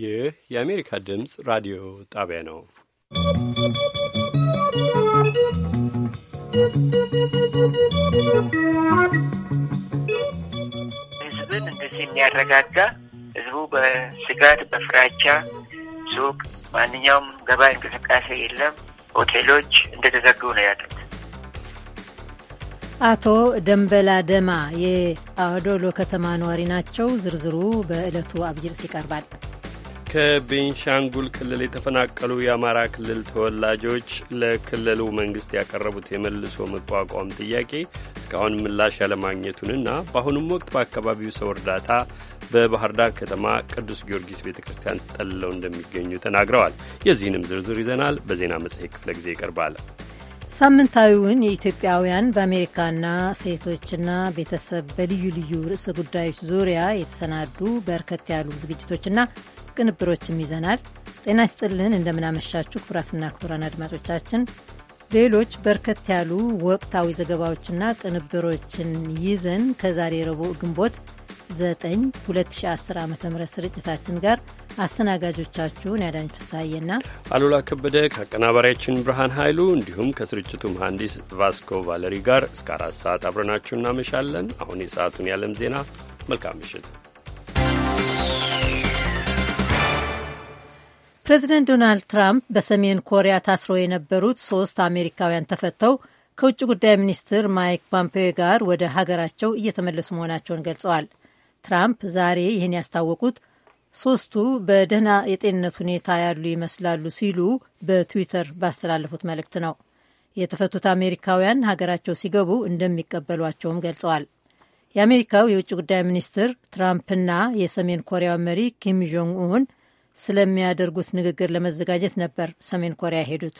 ይህ የአሜሪካ ድምፅ ራዲዮ ጣቢያ ነው። ህዝብን እንደዚህ የሚያረጋጋ ህዝቡ በስጋት በፍራቻ ሱቅ፣ ማንኛውም ገበያ እንቅስቃሴ የለም። ሆቴሎች እንደተዘጉ ነው ያሉት አቶ ደንበላ ደማ የአዶሎ ከተማ ነዋሪ ናቸው። ዝርዝሩ በዕለቱ አብይ ርዕስ ይቀርባል። ከቤንሻንጉል ክልል የተፈናቀሉ የአማራ ክልል ተወላጆች ለክልሉ መንግስት ያቀረቡት የመልሶ መቋቋም ጥያቄ እስካሁን ምላሽ ያለማግኘቱንና በአሁኑም ወቅት በአካባቢው ሰው እርዳታ በባህር ዳር ከተማ ቅዱስ ጊዮርጊስ ቤተ ክርስቲያን ጠልለው እንደሚገኙ ተናግረዋል። የዚህንም ዝርዝር ይዘናል። በዜና መጽሔት ክፍለ ጊዜ ይቀርባል። ሳምንታዊውን የኢትዮጵያውያን በአሜሪካና ሴቶችና ቤተሰብ በልዩ ልዩ ርዕሰ ጉዳዮች ዙሪያ የተሰናዱ በርከት ያሉ ዝግጅቶችና ቅንብሮችም ይዘናል። ጤና ይስጥልን፣ እንደምናመሻችሁ ክቡራትና ክቡራን አድማጮቻችን ሌሎች በርከት ያሉ ወቅታዊ ዘገባዎችና ቅንብሮችን ይዘን ከዛሬ ረቡዕ ግንቦት 9 2010 ዓ ም ስርጭታችን ጋር አስተናጋጆቻችሁን ያዳኝ ፍሳዬና አሉላ ከበደ ከአቀናባሪያችን ብርሃን ኃይሉ እንዲሁም ከስርጭቱ መሐንዲስ ቫስኮ ቫለሪ ጋር እስከ አራት ሰዓት አብረናችሁ እናመሻለን። አሁን የሰዓቱን የዓለም ዜና። መልካም ምሽት። ፕሬዚደንት ዶናልድ ትራምፕ በሰሜን ኮሪያ ታስረው የነበሩት ሶስት አሜሪካውያን ተፈተው ከውጭ ጉዳይ ሚኒስትር ማይክ ፖምፔዮ ጋር ወደ ሀገራቸው እየተመለሱ መሆናቸውን ገልጸዋል። ትራምፕ ዛሬ ይህን ያስታወቁት ሶስቱ በደህና የጤንነት ሁኔታ ያሉ ይመስላሉ ሲሉ በትዊተር ባስተላለፉት መልእክት ነው። የተፈቱት አሜሪካውያን ሀገራቸው ሲገቡ እንደሚቀበሏቸውም ገልጸዋል። የአሜሪካው የውጭ ጉዳይ ሚኒስትር ትራምፕና የሰሜን ኮሪያው መሪ ኪም ጆንግ ኡን ስለሚያደርጉት ንግግር ለመዘጋጀት ነበር ሰሜን ኮሪያ ሄዱት።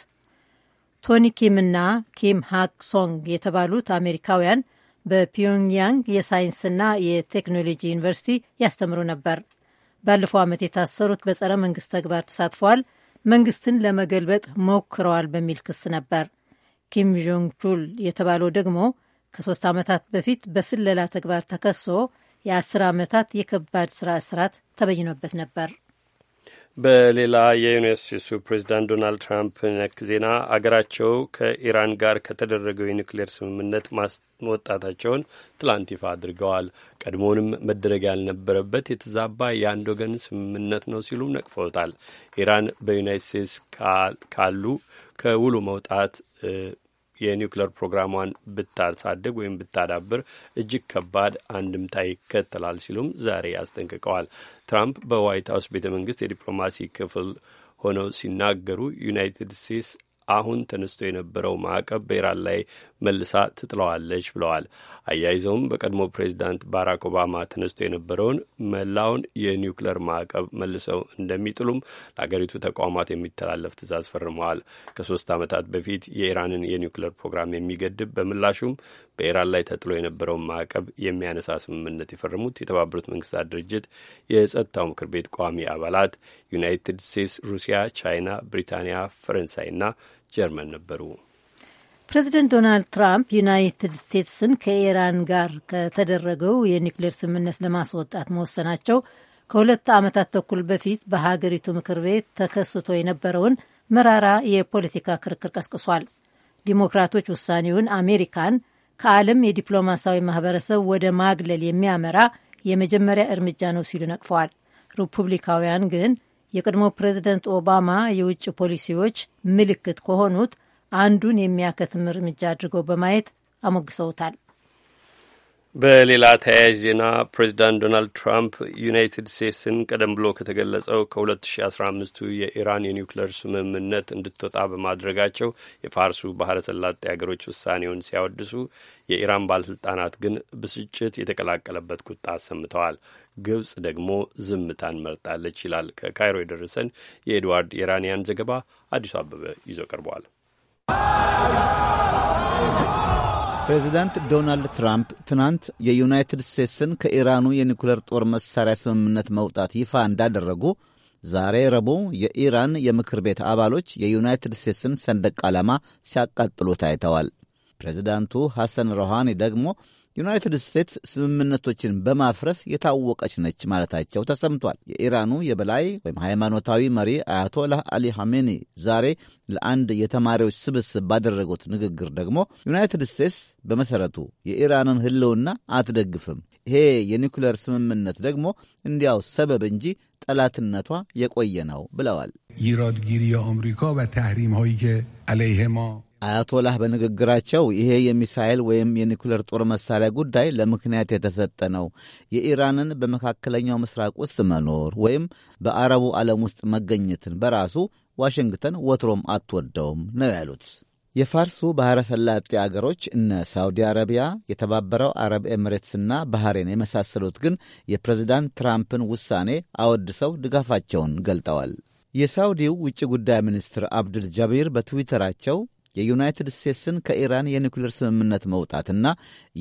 ቶኒ ኪም እና ኪም ሃክ ሶንግ የተባሉት አሜሪካውያን በፒዮንግያንግ የሳይንስና የቴክኖሎጂ ዩኒቨርሲቲ ያስተምሩ ነበር። ባለፈው ዓመት የታሰሩት በጸረ መንግስት ተግባር ተሳትፈዋል፣ መንግስትን ለመገልበጥ ሞክረዋል በሚል ክስ ነበር። ኪም ጆንግ ቹል የተባለው ደግሞ ከሶስት ዓመታት በፊት በስለላ ተግባር ተከሶ የአስር ዓመታት የከባድ ስራ እስራት ተበይኖበት ነበር። በሌላ የዩናይት ስቴትሱ ፕሬዚዳንት ዶናልድ ትራምፕ ነክ ዜና አገራቸው ከኢራን ጋር ከተደረገው የኒውክሌር ስምምነት ማስወጣታቸውን ትላንት ይፋ አድርገዋል። ቀድሞውንም መደረግ ያልነበረበት የተዛባ የአንድ ወገን ስምምነት ነው ሲሉም ነቅፈውታል። ኢራን በዩናይት ስቴትስ ካሉ ከውሉ መውጣት የኒውክሌር ፕሮግራሟን ብታሳድግ ወይም ብታዳብር እጅግ ከባድ አንድምታ ይከተላል ሲሉም ዛሬ አስጠንቅቀዋል። ትራምፕ በዋይት ሀውስ ቤተ መንግስት የዲፕሎማሲ ክፍል ሆነው ሲናገሩ ዩናይትድ ስቴትስ አሁን ተነስቶ የነበረው ማዕቀብ በኢራን ላይ መልሳ ትጥለዋለች ብለዋል። አያይዘውም በቀድሞ ፕሬዚዳንት ባራክ ኦባማ ተነስቶ የነበረውን መላውን የኒውክለር ማዕቀብ መልሰው እንደሚጥሉም ለአገሪቱ ተቋማት የሚተላለፍ ትዕዛዝ ፈርመዋል። ከሶስት ዓመታት በፊት የኢራንን የኒውክለር ፕሮግራም የሚገድብ በምላሹም በኢራን ላይ ተጥሎ የነበረውን ማዕቀብ የሚያነሳ ስምምነት የፈረሙት የተባበሩት መንግስታት ድርጅት የጸጥታው ምክር ቤት ቋሚ አባላት ዩናይትድ ስቴትስ፣ ሩሲያ፣ ቻይና፣ ብሪታንያ፣ ፈረንሳይና ጀርመን ነበሩ። ፕሬዚደንት ዶናልድ ትራምፕ ዩናይትድ ስቴትስን ከኢራን ጋር ከተደረገው የኒውክሌር ስምምነት ለማስወጣት መወሰናቸው ከሁለት ዓመታት ተኩል በፊት በሀገሪቱ ምክር ቤት ተከስቶ የነበረውን መራራ የፖለቲካ ክርክር ቀስቅሷል። ዲሞክራቶች ውሳኔውን አሜሪካን ከዓለም የዲፕሎማሲያዊ ማህበረሰብ ወደ ማግለል የሚያመራ የመጀመሪያ እርምጃ ነው ሲሉ ነቅፈዋል። ሪፑብሊካውያን ግን የቀድሞ ፕሬዚደንት ኦባማ የውጭ ፖሊሲዎች ምልክት ከሆኑት አንዱን የሚያከትም እርምጃ አድርገው በማየት አሞግሰውታል። በሌላ ተያያዥ ዜና ፕሬዚዳንት ዶናልድ ትራምፕ ዩናይትድ ስቴትስን ቀደም ብሎ ከተገለጸው ከ2015ቱ የኢራን የኒውክሌር ስምምነት እንድትወጣ በማድረጋቸው የፋርሱ ባህረ ሰላጤ ሀገሮች ውሳኔውን ሲያወድሱ፣ የኢራን ባለስልጣናት ግን ብስጭት የተቀላቀለበት ቁጣ አሰምተዋል። ግብጽ ደግሞ ዝምታን መርጣለች ይላል ከካይሮ የደረሰን የኤድዋርድ ኢራንያን ዘገባ። አዲሱ አበበ ይዞ ቀርበዋል። ፕሬዚዳንት ዶናልድ ትራምፕ ትናንት የዩናይትድ ስቴትስን ከኢራኑ የኒኩሌር ጦር መሳሪያ ስምምነት መውጣት ይፋ እንዳደረጉ ዛሬ ረቡዕ የኢራን የምክር ቤት አባሎች የዩናይትድ ስቴትስን ሰንደቅ ዓላማ ሲያቃጥሉ ታይተዋል። ፕሬዚዳንቱ ሐሰን ሮሃኒ ደግሞ ዩናይትድ ስቴትስ ስምምነቶችን በማፍረስ የታወቀች ነች ማለታቸው ተሰምቷል። የኢራኑ የበላይ ወይም ሃይማኖታዊ መሪ አያቶላህ አሊ ሐሜኒ ዛሬ ለአንድ የተማሪዎች ስብስብ ባደረጉት ንግግር ደግሞ ዩናይትድ ስቴትስ በመሠረቱ የኢራንን ሕልውና አትደግፍም፣ ይሄ የኒኩሌር ስምምነት ደግሞ እንዲያው ሰበብ እንጂ ጠላትነቷ የቆየ ነው ብለዋል። አያቶላህ በንግግራቸው ይሄ የሚሳኤል ወይም የኒኩሌር ጦር መሳሪያ ጉዳይ ለምክንያት የተሰጠ ነው። የኢራንን በመካከለኛው ምስራቅ ውስጥ መኖር ወይም በአረቡ ዓለም ውስጥ መገኘትን በራሱ ዋሽንግተን ወትሮም አትወደውም ነው ያሉት። የፋርሱ ባሕረ ሰላጤ አገሮች እነ ሳውዲ አረቢያ፣ የተባበረው አረብ ኤምሬትስና ባህሬን የመሳሰሉት ግን የፕሬዚዳንት ትራምፕን ውሳኔ አወድሰው ድጋፋቸውን ገልጠዋል። የሳውዲው ውጭ ጉዳይ ሚኒስትር አብዱል ጃቢር በትዊተራቸው የዩናይትድ ስቴትስን ከኢራን የኒውክሌር ስምምነት መውጣትና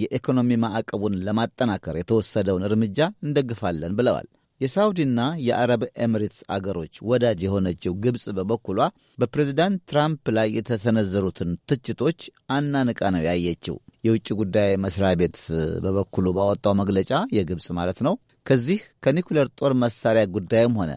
የኢኮኖሚ ማዕቀቡን ለማጠናከር የተወሰደውን እርምጃ እንደግፋለን ብለዋል። የሳውዲና የአረብ ኤምሬትስ አገሮች ወዳጅ የሆነችው ግብፅ በበኩሏ በፕሬዚዳንት ትራምፕ ላይ የተሰነዘሩትን ትችቶች አናንቃ ነው ያየችው። የውጭ ጉዳይ መስሪያ ቤት በበኩሉ ባወጣው መግለጫ የግብፅ ማለት ነው ከዚህ ከኒውክሌር ጦር መሳሪያ ጉዳይም ሆነ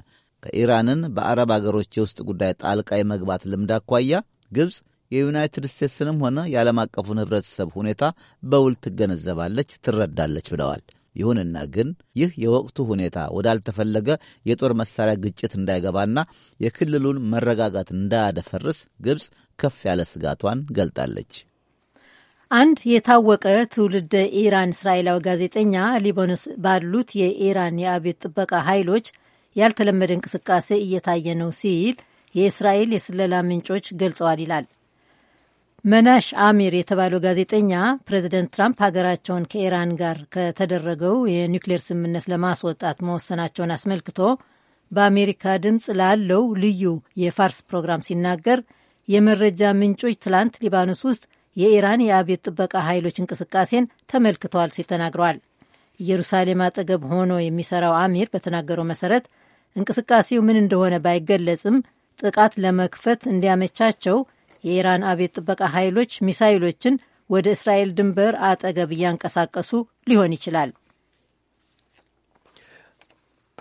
ከኢራንን በአረብ አገሮች የውስጥ ጉዳይ ጣልቃ የመግባት ልምድ አኳያ ግብፅ የዩናይትድ ስቴትስንም ሆነ የዓለም አቀፉን ህብረተሰብ ሁኔታ በውል ትገነዘባለች፣ ትረዳለች ብለዋል። ይሁንና ግን ይህ የወቅቱ ሁኔታ ወዳልተፈለገ የጦር መሳሪያ ግጭት እንዳይገባና የክልሉን መረጋጋት እንዳያደፈርስ ግብፅ ከፍ ያለ ስጋቷን ገልጣለች። አንድ የታወቀ ትውልደ ኢራን እስራኤላዊ ጋዜጠኛ ሊባኖስ ባሉት የኢራን የአብዮት ጥበቃ ኃይሎች ያልተለመደ እንቅስቃሴ እየታየ ነው ሲል የእስራኤል የስለላ ምንጮች ገልጸዋል ይላል። መናሽ አሚር የተባለው ጋዜጠኛ ፕሬዚደንት ትራምፕ ሀገራቸውን ከኢራን ጋር ከተደረገው የኒውክሌር ስምምነት ለማስወጣት መወሰናቸውን አስመልክቶ በአሜሪካ ድምፅ ላለው ልዩ የፋርስ ፕሮግራም ሲናገር የመረጃ ምንጮች ትላንት ሊባኖስ ውስጥ የኢራን የአብዮት ጥበቃ ኃይሎች እንቅስቃሴን ተመልክተዋል ሲል ተናግረዋል። ኢየሩሳሌም አጠገብ ሆኖ የሚሰራው አሚር በተናገረው መሰረት እንቅስቃሴው ምን እንደሆነ ባይገለጽም ጥቃት ለመክፈት እንዲያመቻቸው የኢራን አቤት ጥበቃ ኃይሎች ሚሳይሎችን ወደ እስራኤል ድንበር አጠገብ እያንቀሳቀሱ ሊሆን ይችላል።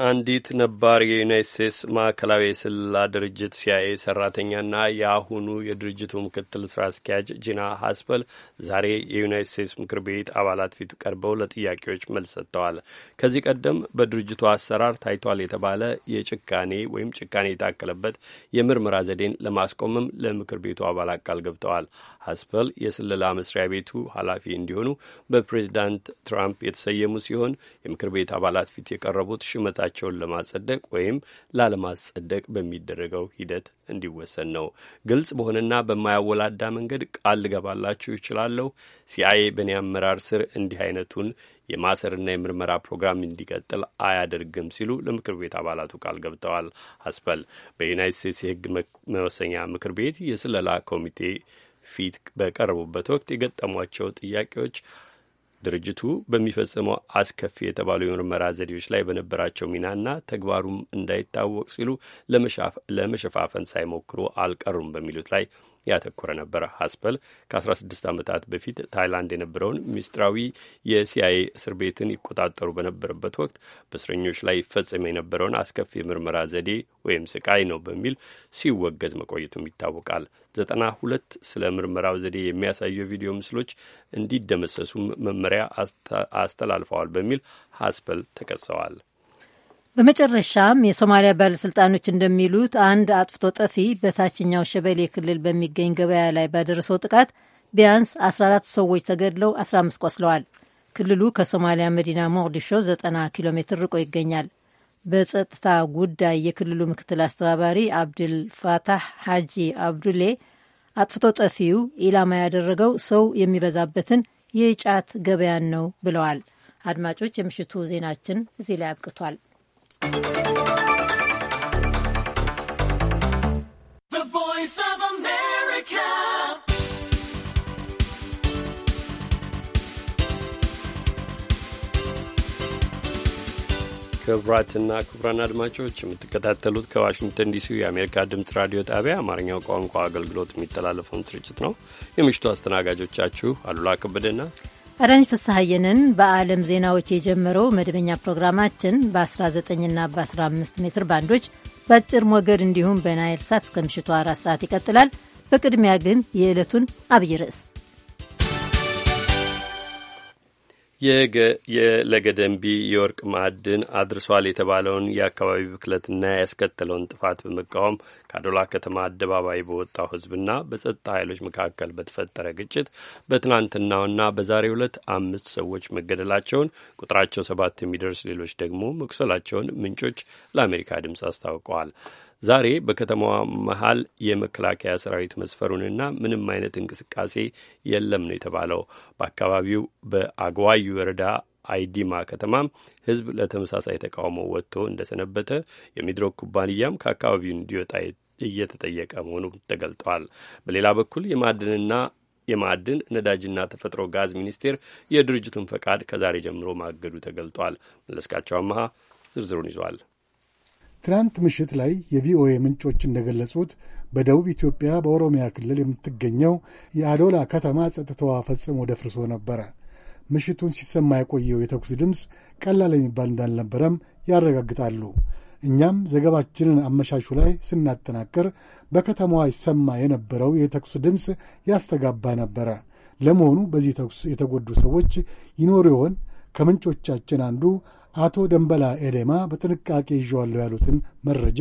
አንዲት ነባር የዩናይት ስቴትስ ማዕከላዊ የስለላ ድርጅት ሲአይኤ ሰራተኛና የአሁኑ የድርጅቱ ምክትል ስራ አስኪያጅ ጂና ሀስፐል ዛሬ የዩናይት ስቴትስ ምክር ቤት አባላት ፊት ቀርበው ለጥያቄዎች መልስ ሰጥተዋል። ከዚህ ቀደም በድርጅቱ አሰራር ታይቷል የተባለ የጭካኔ ወይም ጭካኔ የታከለበት የምርመራ ዘዴን ለማስቆምም ለምክር ቤቱ አባላት ቃል ገብተዋል። ሀስፐል የስለላ መስሪያ ቤቱ ኃላፊ እንዲሆኑ በፕሬዚዳንት ትራምፕ የተሰየሙ ሲሆን የምክር ቤት አባላት ፊት የቀረቡት ሽመታ እቅዳቸውን ለማጸደቅ ወይም ላለማጸደቅ በሚደረገው ሂደት እንዲወሰን ነው። ግልጽ በሆነና በማያወላዳ መንገድ ቃል ልገባላችሁ ይችላለሁ፣ ሲአይኤ በእኔ አመራር ስር እንዲህ አይነቱን የማሰርና የምርመራ ፕሮግራም እንዲቀጥል አያደርግም ሲሉ ለምክር ቤት አባላቱ ቃል ገብተዋል። አስፈል በዩናይት ስቴትስ የህግ መወሰኛ ምክር ቤት የስለላ ኮሚቴ ፊት በቀረቡበት ወቅት የገጠሟቸው ጥያቄዎች ድርጅቱ በሚፈጽመው አስከፊ የተባሉ የምርመራ ዘዴዎች ላይ በነበራቸው ሚናና ተግባሩም እንዳይታወቅ ሲሉ ለመሸፋፈን ሳይሞክሩ አልቀሩም በሚሉት ላይ ያተኮረ ነበረ። ሀስፐል ከ16 ዓመታት በፊት ታይላንድ የነበረውን ሚስጥራዊ የሲአይኤ እስር ቤትን ይቆጣጠሩ በነበረበት ወቅት በእስረኞች ላይ ይፈጸም የነበረውን አስከፊ የምርመራ ዘዴ ወይም ስቃይ ነው በሚል ሲወገዝ መቆየቱም ይታወቃል። ዘጠና ሁለት ስለ ምርመራው ዘዴ የሚያሳዩ የቪዲዮ ምስሎች እንዲደመሰሱ መመሪያ አስተላልፈዋል በሚል ሀስፐል ተከሰዋል። በመጨረሻም የሶማሊያ ባለሥልጣኖች እንደሚሉት አንድ አጥፍቶ ጠፊ በታችኛው ሸበሌ ክልል በሚገኝ ገበያ ላይ ባደረሰው ጥቃት ቢያንስ 14 ሰዎች ተገድለው 15 ቆስለዋል። ክልሉ ከሶማሊያ መዲና ሞቅዲሾ 90 ኪሎ ሜትር ርቆ ይገኛል። በጸጥታ ጉዳይ የክልሉ ምክትል አስተባባሪ አብድል ፋታህ ሐጂ አብዱሌ አጥፍቶ ጠፊው ኢላማ ያደረገው ሰው የሚበዛበትን የጫት ገበያን ነው ብለዋል። አድማጮች፣ የምሽቱ ዜናችን እዚህ ላይ አብቅቷል። ክቡራትና ክቡራን አድማጮች የምትከታተሉት ከዋሽንግተን ዲሲ የአሜሪካ ድምፅ ራዲዮ ጣቢያ አማርኛው ቋንቋ አገልግሎት የሚተላለፈውን ስርጭት ነው። የምሽቱ አስተናጋጆቻችሁ አሉላ ከበደና አዳነች ፍስሐየንን በዓለም ዜናዎች የጀመረው መደበኛ ፕሮግራማችን በ19ና በ15 ሜትር ባንዶች በአጭር ሞገድ እንዲሁም በናይል ሳት እስከ ምሽቱ አራት ሰዓት ይቀጥላል። በቅድሚያ ግን የዕለቱን አብይ ርዕስ የለገደንቢ የወርቅ ማዕድን አድርሷል የተባለውን የአካባቢ ብክለትና ያስከተለውን ጥፋት በመቃወም ከአዶላ ከተማ አደባባይ በወጣው ሕዝብና በጸጥታ ኃይሎች መካከል በተፈጠረ ግጭት በትናንትናውና በዛሬው ዕለት አምስት ሰዎች መገደላቸውን ቁጥራቸው ሰባት የሚደርስ ሌሎች ደግሞ መቁሰላቸውን ምንጮች ለአሜሪካ ድምፅ አስታውቀዋል። ዛሬ በከተማዋ መሀል የመከላከያ ሰራዊት መስፈሩንና ምንም አይነት እንቅስቃሴ የለም ነው የተባለው። በአካባቢው በአግዋዩ ወረዳ አይዲማ ከተማም ህዝብ ለተመሳሳይ ተቃውሞ ወጥቶ እንደሰነበተ የሚድሮክ ኩባንያም ከአካባቢው እንዲወጣ እየተጠየቀ መሆኑ ተገልጧል። በሌላ በኩል የማዕድንና የማዕድን ነዳጅና ተፈጥሮ ጋዝ ሚኒስቴር የድርጅቱን ፈቃድ ከዛሬ ጀምሮ ማገዱ ተገልጧል። መለስካቸው አመሃ ዝርዝሩን ይዟል። ትናንት ምሽት ላይ የቪኦኤ ምንጮች እንደገለጹት በደቡብ ኢትዮጵያ በኦሮሚያ ክልል የምትገኘው የአዶላ ከተማ ጸጥታዋ ፈጽሞ ደፍርሶ ነበረ። ምሽቱን ሲሰማ የቆየው የተኩስ ድምፅ ቀላል የሚባል እንዳልነበረም ያረጋግጣሉ። እኛም ዘገባችንን አመሻሹ ላይ ስናጠናቅር በከተማዋ ይሰማ የነበረው የተኩስ ድምፅ ያስተጋባ ነበረ። ለመሆኑ በዚህ ተኩስ የተጎዱ ሰዎች ይኖሩ ይሆን? ከምንጮቻችን አንዱ አቶ ደንበላ ኤዴማ በጥንቃቄ ይዤዋለሁ ያሉትን መረጃ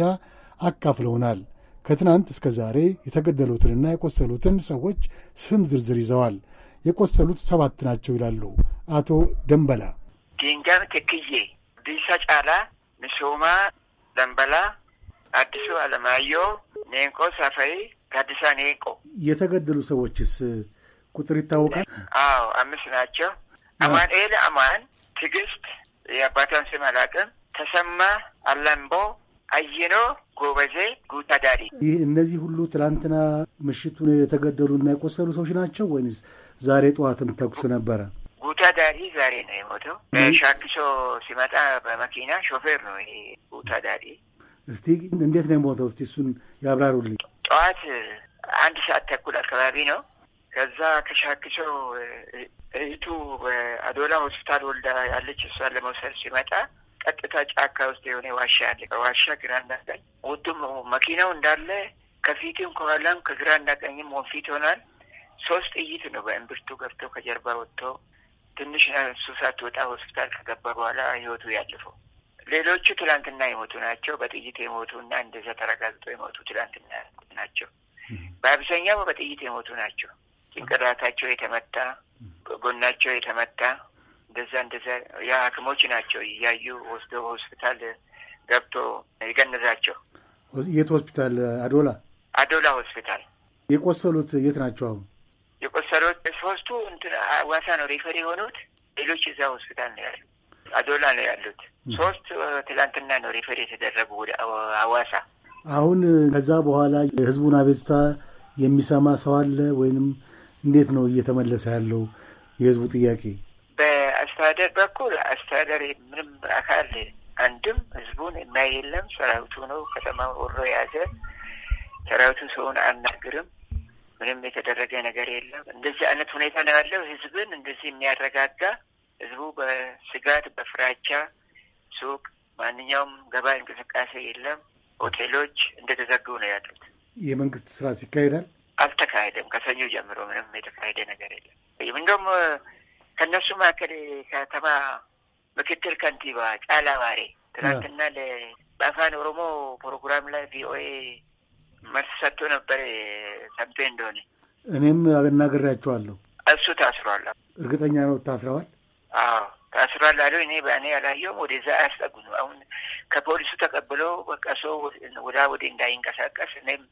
አካፍለውናል። ከትናንት እስከ ዛሬ የተገደሉትንና የቆሰሉትን ሰዎች ስም ዝርዝር ይዘዋል። የቆሰሉት ሰባት ናቸው ይላሉ አቶ ደንበላ። ዲንጋም ትክዬ፣ ዲሳ ጫላ፣ ንሱማ ደንበላ፣ አዲሱ አለማየሁ፣ ኔንቆ ሳፋይ፣ ታዲሳ ኔንቆ። የተገደሉ ሰዎችስ ቁጥር ይታወቃል? አዎ አምስት ናቸው። አማንኤል አማን፣ ትዕግስት የአባቷን ስም አላውቅም፣ ተሰማ አላምቦ፣ አየኖ ጎበዜ፣ ጉታዳሪ ይህ እነዚህ ሁሉ ትላንትና ምሽቱን የተገደሉ እና የቆሰሉ ሰዎች ናቸው ወይንስ ዛሬ ጠዋትም ተኩስ ነበረ? ጉታዳሪ ዛሬ ነው የሞተው። ሻክሶ ሲመጣ በመኪና ሾፌር ነው ይሄ ጉታዳሪ። እስቲ እንዴት ነው የሞተው? እስቲ እሱን ያብራሩልኝ። ጠዋት አንድ ሰዓት ተኩል አካባቢ ነው። ከዛ ከሻክሶ እህቱ በአዶላ ሆስፒታል ወልዳ ያለች እሷን ለመውሰድ ሲመጣ ቀጥታ ጫካ ውስጥ የሆነ ዋሻ ያለ ዋሻ ግራ ቀኝ ውድም መኪናው እንዳለ ከፊትም ከኋላም ከግራ ቀኝም ወንፊት ይሆናል። ሶስት ጥይት ነው በእምብርቱ ገብቶ ከጀርባ ወጥቶ ትንሽ እሱ ሳትወጣ ሆስፒታል ከገባ በኋላ ህይወቱ ያለፈው። ሌሎቹ ትላንትና የሞቱ ናቸው። በጥይት የሞቱ እና እንደዛ ተረጋግጦ የሞቱ ትላንትና ናቸው። በአብዛኛው በጥይት የሞቱ ናቸው። ጭንቅላታቸው የተመታ ጎናቸው የተመታ እንደዛ እንደዛ ያ ሐኪሞች ናቸው እያዩ ወስዶ ሆስፒታል ገብቶ የገነዛቸው። የት ሆስፒታል? አዶላ አዶላ ሆስፒታል። የቆሰሉት የት ናቸው አሁን? የቆሰሉት ሶስቱ እንትን ነው ሪፈር የሆኑት። ሌሎች እዛ ሆስፒታል ነው ያሉ አዶላ ነው ያሉት። ሶስት ትላንትና ነው ሪፈር የተደረጉ ወደ አዋሳ አሁን ከዛ በኋላ የህዝቡን አቤቱታ የሚሰማ ሰው አለ ወይንም እንዴት ነው እየተመለሰ ያለው? የህዝቡ ጥያቄ በአስተዳደር በኩል አስተዳደር ምንም አካል አንድም ህዝቡን የሚያይ የለም። ሰራዊቱ ነው ከተማ ወሮ የያዘ ሰራዊቱ ሰውን አናግርም። ምንም የተደረገ ነገር የለም። እንደዚህ አይነት ሁኔታ ነው ያለው። ህዝብን እንደዚህ የሚያረጋጋ ህዝቡ በስጋት በፍራቻ ሱቅ፣ ማንኛውም ገባ እንቅስቃሴ የለም። ሆቴሎች እንደተዘጉ ነው ያሉት። የመንግስት ስራ ሲካሄዳል አልተካሄደም። ከሰኞ ጀምሮ ምንም የተካሄደ ነገር የለም። እንደውም ከእነሱ መካከል ከተማ ምክትል ከንቲባ ጫላ ባሬ ትናንትና በአፋን ኦሮሞ ፕሮግራም ላይ ቪኦኤ መልስ ሰጥቶ ነበር። ሰምቶ እንደሆነ እኔም አናግሬያቸዋለሁ። እሱ ታስሯል። እርግጠኛ ነው ታስረዋል? አዎ ታስሯል አሉ። እኔ በእኔ ያላየውም ወደዛ አያስጠጉ ነው። አሁን ከፖሊሱ ተቀብሎ በቃ ሰው ወዳ ወደ እንዳይንቀሳቀስ እኔም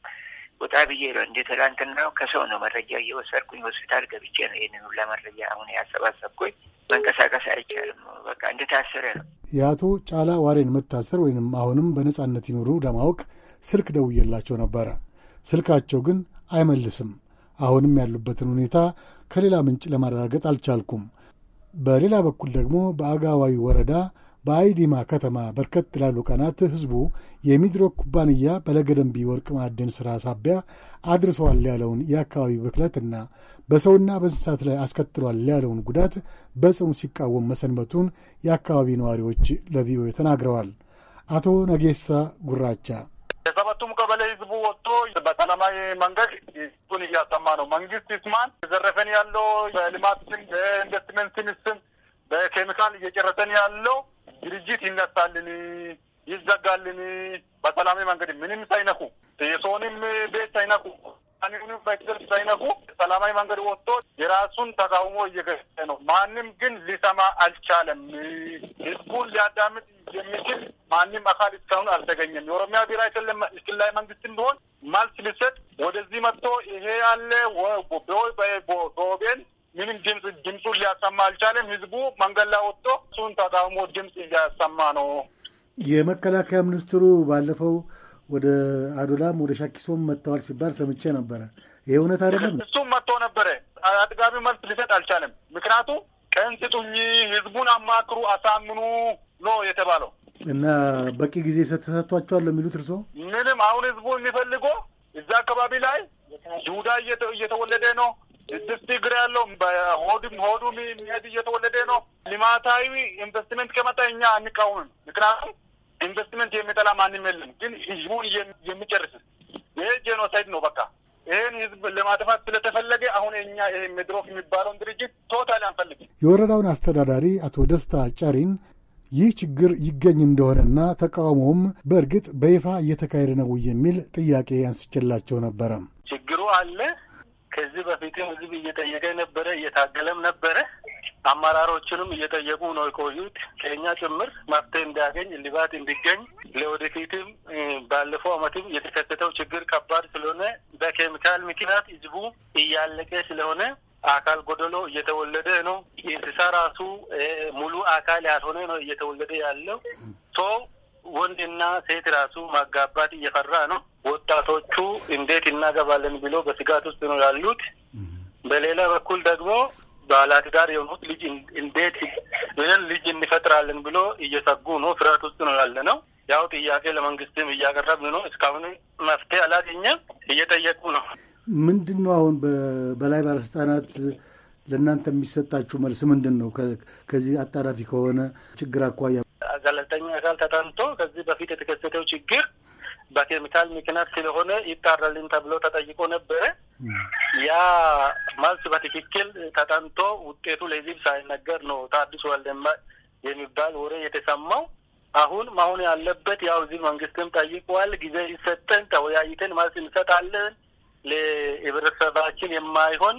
ወጣ ብዬ ነው እንደ ትላንትናው ከሰው ነው መረጃ እየወሰድኩኝ ሆስፒታል ገብቼ ነው ይህንን ሁላ መረጃ አሁን ያሰባሰብኩኝ። መንቀሳቀስ አይቻልም። በቃ እንደታሰረ ነው። የአቶ ጫላ ዋሬን መታሰር ወይንም አሁንም በነጻነት ይኑሩ ለማወቅ ስልክ ደውዬላቸው ነበረ። ስልካቸው ግን አይመልስም። አሁንም ያሉበትን ሁኔታ ከሌላ ምንጭ ለማረጋገጥ አልቻልኩም። በሌላ በኩል ደግሞ በአጋዋዊ ወረዳ በአይዲማ ከተማ በርከት ላሉ ቀናት ህዝቡ የሚድሮክ ኩባንያ በለገደንቢ ወርቅ ማዕድን ሥራ ሳቢያ አድርሰዋል ያለውን የአካባቢ ብክለትና በሰውና በእንስሳት ላይ አስከትሏል ያለውን ጉዳት በጽኑ ሲቃወም መሰንበቱን የአካባቢ ነዋሪዎች ለቪኦኤ ተናግረዋል። አቶ ነጌሳ ጉራቻ የሰበቱም ቀበሌ ህዝቡ ወጥቶ በሰላማዊ መንገድ ህዝቡን እያሰማ ነው። መንግስት ይስማን የዘረፈን ያለው በልማት ስም በኢንቨስትመንት ስም በኬሚካል እየጨረሰን ያለው ድርጅት ይነሳልን፣ ይዘጋልን፣ በሰላማዊ መንገድ ምንም ሳይነኩ የሰውንም ቤት ሳይነኩ ማንንም በግል ሳይነኩ ሰላማዊ መንገድ ወጥቶ የራሱን ተቃውሞ እየገለጸ ነው። ማንም ግን ሊሰማ አልቻለም። ህዝቡን ሊያዳምጥ የሚችል ማንም አካል እስካሁን አልተገኘም። የኦሮሚያ ብሔራዊ ክልላዊ መንግስት እንደሆን መልስ ሊሰጥ ወደዚህ መጥቶ ይሄ ያለ ዶቤን ምንም ድምፅ ድምፁን ሊያሰማ አልቻለም። ህዝቡ መንገድ ላይ ወጥቶ እሱን ተቃውሞ ድምፅ እያሰማ ነው። የመከላከያ ሚኒስትሩ ባለፈው ወደ አዶላም ወደ ሻኪሶም መጥተዋል ሲባል ሰምቼ ነበረ። ይህ እውነት አይደለም? እሱም መጥቶ ነበረ። አጥጋቢ መልስ ሊሰጥ አልቻለም። ምክንያቱም ቀን ስጡኝ፣ ህዝቡን አማክሩ፣ አሳምኑ ነው የተባለው እና በቂ ጊዜ ተሰጥቷቸዋል የሚሉት እርስዎ ምንም አሁን ህዝቡ የሚፈልገው እዛ አካባቢ ላይ ይሁዳ እየተወለደ ነው ስድስት እግር ያለው በሆዱም ሆዱም የሚሄድ እየተወለደ ነው። ልማታዊ ኢንቨስትመንት ከመጣ እኛ አንቃወምም። ምክንያቱም ኢንቨስትመንት የሚጠላ ማንም የለም። ግን ህዝቡን የሚጨርስ ይሄ ጄኖሳይድ ነው። በቃ ይህን ህዝብ ለማጥፋት ስለተፈለገ አሁን እኛ ይሄ መድሮክ የሚባለውን ድርጅት ቶታል አንፈልግ። የወረዳውን አስተዳዳሪ አቶ ደስታ ጨሪን ይህ ችግር ይገኝ እንደሆነና ተቃውሞውም በእርግጥ በይፋ እየተካሄደ ነው የሚል ጥያቄ አንስቼላቸው ነበረ። ችግሩ አለ ከዚህ በፊትም ህዝብ እየጠየቀ ነበረ፣ እየታገለም ነበረ። አመራሮችንም እየጠየቁ ነው የቆዩት። ከኛ ጭምር መፍትሄ እንዲያገኝ ሊባት እንዲገኝ ለወደፊትም ባለፈው አመትም የተከሰተው ችግር ከባድ ስለሆነ በኬሚካል ምክንያት ህዝቡ እያለቀ ስለሆነ አካል ጎደሎ እየተወለደ ነው። እንስሳ ራሱ ሙሉ አካል ያልሆነ ነው እየተወለደ ያለው ሰው ወንድና ሴት ራሱ ማጋባት እየፈራ ነው። ወጣቶቹ እንዴት እናገባለን ብሎ በስጋት ውስጥ ነው ያሉት። በሌላ በኩል ደግሞ ባለትዳር የሆኑት ልጅ እንዴት ብለን ልጅ እንፈጥራለን ብሎ እየሰጉ ነው። ፍርሃት ውስጥ ነው ያለ ነው። ያው ጥያቄ ለመንግስትም እያቀረብን ነው። እስካሁን መፍትሄ አላገኘም። እየጠየቁ ነው። ምንድን ነው አሁን በላይ ባለስልጣናት ለእናንተ የሚሰጣችሁ መልስ ምንድን ነው? ከዚህ አጣራፊ ከሆነ ችግር አኳያ ገለልተኛ አካል ተጠንቶ ከዚህ በፊት የተከሰተው ችግር በኬሚካል ምክንያት ስለሆነ ይጣራልን ተብሎ ተጠይቆ ነበረ። ያ መልስ በትክክል ተጠንቶ ውጤቱ ለህዝብ ሳይነገር ነው ታዲሱ ዋልደማ የሚባል ወሬ የተሰማው። አሁን መሆን ያለበት ያው እዚህ መንግስትም ጠይቋል። ጊዜ ይሰጠን፣ ተወያይተን መልስ እንሰጣለን። ለህብረተሰባችን የማይሆን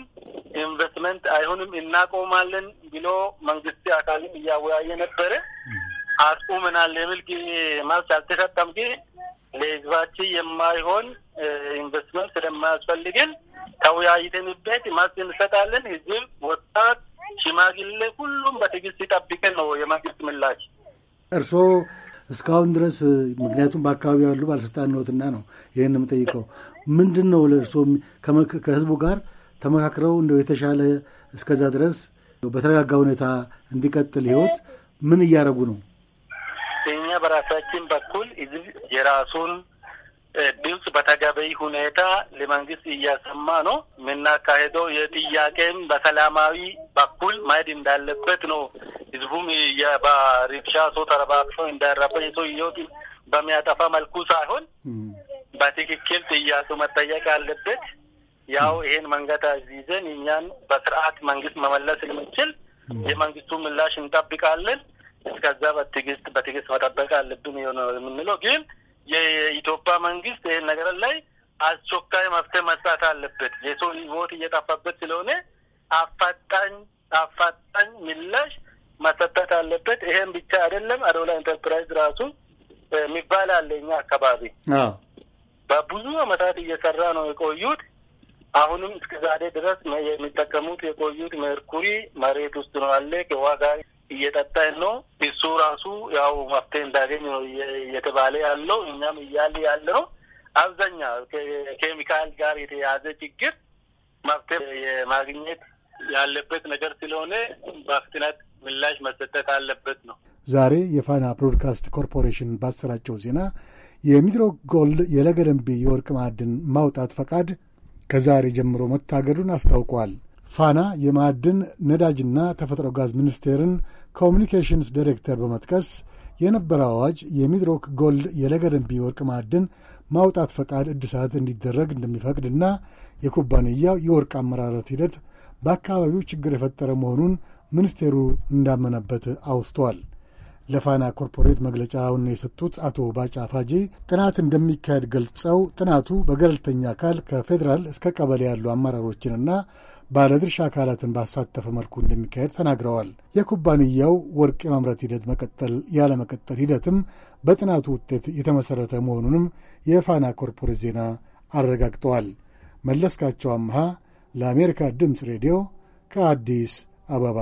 ኢንቨስትመንት አይሆንም፣ እናቆማለን ብሎ መንግስት አካልም እያወያየ ነበረ። አቁምናል የሚል መልስ አልተሰጠም። ግን ለህዝባችን የማይሆን ኢንቨስትመንት ስለማያስፈልግን ተወያይተንበት መልስ እንሰጣለን። ህዝብም፣ ወጣት፣ ሽማግሌ ሁሉም በትዕግስት ይጠብቅን ነው የመንግስት ምላሽ። እርስዎ እስካሁን ድረስ ምክንያቱም በአካባቢ ያሉ ባለስልጣን ነትና ነው ይህን የምጠይቀው። ምንድን ነው ለእርስዎ ከህዝቡ ጋር ተመካክረው እንደው የተሻለ እስከዛ ድረስ በተረጋጋ ሁኔታ እንዲቀጥል ህይወት ምን እያደረጉ ነው? በራሳችን በኩል ህዝብ የራሱን ድምፅ በተገቢ ሁኔታ ለመንግስት እያሰማ ነው። የምናካሄደው የጥያቄም በሰላማዊ በኩል ማሄድ እንዳለበት ነው። ህዝቡም በሪብሻ ሰው ተረባብሾ እንዳረበ ሰው ህይወት በሚያጠፋ መልኩ ሳይሆን በትክክል ጥያቄው መጠየቅ አለበት። ያው ይሄን መንገድ አዚዘን እኛን በስርዓት መንግስት መመለስ ልምችል የመንግስቱ ምላሽ እንጠብቃለን። እስከዛ በትግስት በትግስት መጠበቅ አለብን የሆነ የምንለው ግን የኢትዮጵያ መንግስት ይህን ነገር ላይ አስቸኳይ መፍትሄ መስራት አለበት። የሰው ህይወት እየጠፋበት ስለሆነ አፋጣኝ አፋጣኝ ምላሽ መሰጠት አለበት። ይሄን ብቻ አይደለም። አዶላ ኢንተርፕራይዝ ራሱ የሚባል አለ እኛ አካባቢ በብዙ አመታት እየሰራ ነው የቆዩት። አሁንም እስከ ዛሬ ድረስ የሚጠቀሙት የቆዩት ሜርኩሪ መሬት ውስጥ ነው አለ ከዋጋ እየጠጣን ነው። እሱ ራሱ ያው መፍትሄ እንዳገኝ ነው እየተባለ ያለው እኛም እያለ ያለ ነው። አብዛኛ ኬሚካል ጋር የተያዘ ችግር መፍትሄ የማግኘት ያለበት ነገር ስለሆነ በፍጥነት ምላሽ መሰጠት አለበት ነው። ዛሬ የፋና ብሮድካስት ኮርፖሬሽን ባሰራጨው ዜና የሚድሮ ጎልድ የለገደንቢ የወርቅ ማዕድን ማውጣት ፈቃድ ከዛሬ ጀምሮ መታገዱን አስታውቋል። ፋና የማዕድን ነዳጅና ተፈጥሮ ጋዝ ሚኒስቴርን ኮሚኒኬሽንስ ዲሬክተር በመጥቀስ የነበረ አዋጅ የሚድሮክ ጎልድ የለገደንቢ ወርቅ ማዕድን ማውጣት ፈቃድ እድሳት እንዲደረግ እንደሚፈቅድና የኩባንያው የወርቅ አመራረት ሂደት በአካባቢው ችግር የፈጠረ መሆኑን ሚኒስቴሩ እንዳመነበት አውስተዋል። ለፋና ኮርፖሬት መግለጫውን የሰጡት አቶ ባጫ ፋጂ ጥናት እንደሚካሄድ ገልጸው ጥናቱ በገለልተኛ አካል ከፌዴራል እስከ ቀበሌ ያሉ አመራሮችንና ባለድርሻ አካላትን ባሳተፈ መልኩ እንደሚካሄድ ተናግረዋል። የኩባንያው ወርቅ የማምረት ሂደት መቀጠል ያለመቀጠል ሂደትም በጥናቱ ውጤት የተመሠረተ መሆኑንም የፋና ኮርፖሬት ዜና አረጋግጠዋል። መለስካቸው አምሃ ለአሜሪካ ድምፅ ሬዲዮ ከአዲስ አበባ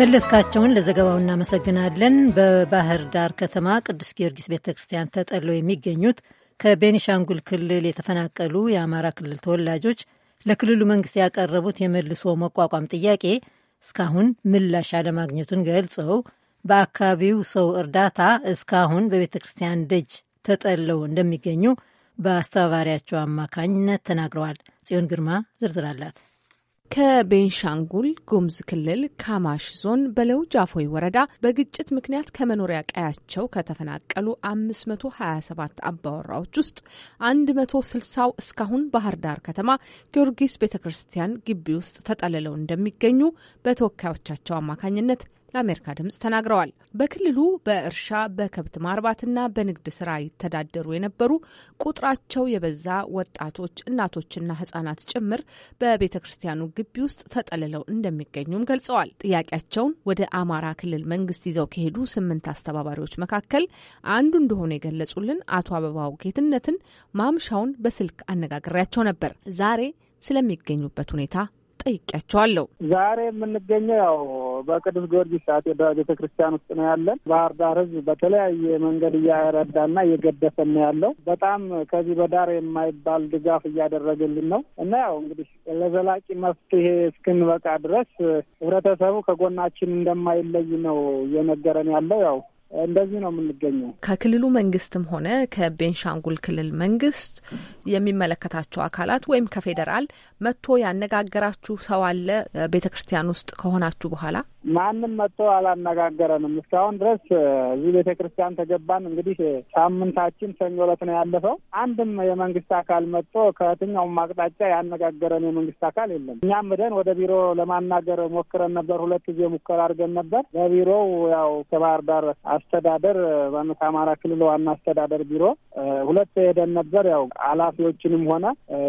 መለስካቸውን ለዘገባው እናመሰግናለን። በባህር ዳር ከተማ ቅዱስ ጊዮርጊስ ቤተ ክርስቲያን ተጠለው የሚገኙት ከቤኒሻንጉል ክልል የተፈናቀሉ የአማራ ክልል ተወላጆች ለክልሉ መንግስት ያቀረቡት የመልሶ መቋቋም ጥያቄ እስካሁን ምላሽ አለማግኘቱን ገልጸው በአካባቢው ሰው እርዳታ እስካሁን በቤተ ክርስቲያን ደጅ ተጠለው እንደሚገኙ በአስተባባሪያቸው አማካኝነት ተናግረዋል። ጽዮን ግርማ ዝርዝር አላት። ከቤንሻንጉል ጉሙዝ ክልል ካማሽ ዞን በለው ጃፎይ ወረዳ በግጭት ምክንያት ከመኖሪያ ቀያቸው ከተፈናቀሉ 527 አባወራዎች ውስጥ 160 እስካሁን ባህር ዳር ከተማ ጊዮርጊስ ቤተ ክርስቲያን ግቢ ውስጥ ተጠልለው እንደሚገኙ በተወካዮቻቸው አማካኝነት ለአሜሪካ ድምጽ ተናግረዋል። በክልሉ በእርሻ በከብት ማርባትና በንግድ ስራ ይተዳደሩ የነበሩ ቁጥራቸው የበዛ ወጣቶች እናቶችና ህጻናት ጭምር በቤተ ክርስቲያኑ ግቢ ውስጥ ተጠልለው እንደሚገኙም ገልጸዋል። ጥያቄያቸውን ወደ አማራ ክልል መንግስት ይዘው ከሄዱ ስምንት አስተባባሪዎች መካከል አንዱ እንደሆኑ የገለጹልን አቶ አበባው ጌትነትን ማምሻውን በስልክ አነጋግሬያቸው ነበር። ዛሬ ስለሚገኙበት ሁኔታ ጠይቄያቸዋለሁ። ዛሬ የምንገኘው ያው በቅዱስ ጊዮርጊስ ካቴድራ ቤተ ክርስቲያን ውስጥ ነው ያለን። ባህር ዳር ህዝብ በተለያየ መንገድ እያረዳና እየገደሰ ነው ያለው። በጣም ከዚህ በዳር የማይባል ድጋፍ እያደረገልን ነው እና ያው እንግዲህ ለዘላቂ መፍትሄ እስክንበቃ ድረስ ህብረተሰቡ ከጎናችን እንደማይለይ ነው እየነገረን ያለው ያው እንደዚህ ነው የምንገኘው። ከክልሉ መንግስትም ሆነ ከቤንሻንጉል ክልል መንግስት የሚመለከታቸው አካላት ወይም ከፌዴራል መጥቶ ያነጋገራችሁ ሰው አለ? ቤተ ክርስቲያን ውስጥ ከሆናችሁ በኋላ ማንም መጥቶ አላነጋገረንም። እስካሁን ድረስ እዚህ ቤተ ክርስቲያን ተገባን እንግዲህ ሳምንታችን ሰኞ ዕለት ነው ያለፈው። አንድም የመንግስት አካል መጥቶ ከየትኛውም አቅጣጫ ያነጋገረን የመንግስት አካል የለም። እኛም ምደን ወደ ቢሮ ለማናገር ሞክረን ነበር። ሁለት ጊዜ ሙከራ አድርገን ነበር። ለቢሮው ያው ከባህር ዳር አስተዳደር በአመት አማራ ክልል ዋና አስተዳደር ቢሮ ሁለት ሄደን ነበር። ያው ኃላፊዎችንም ሆነ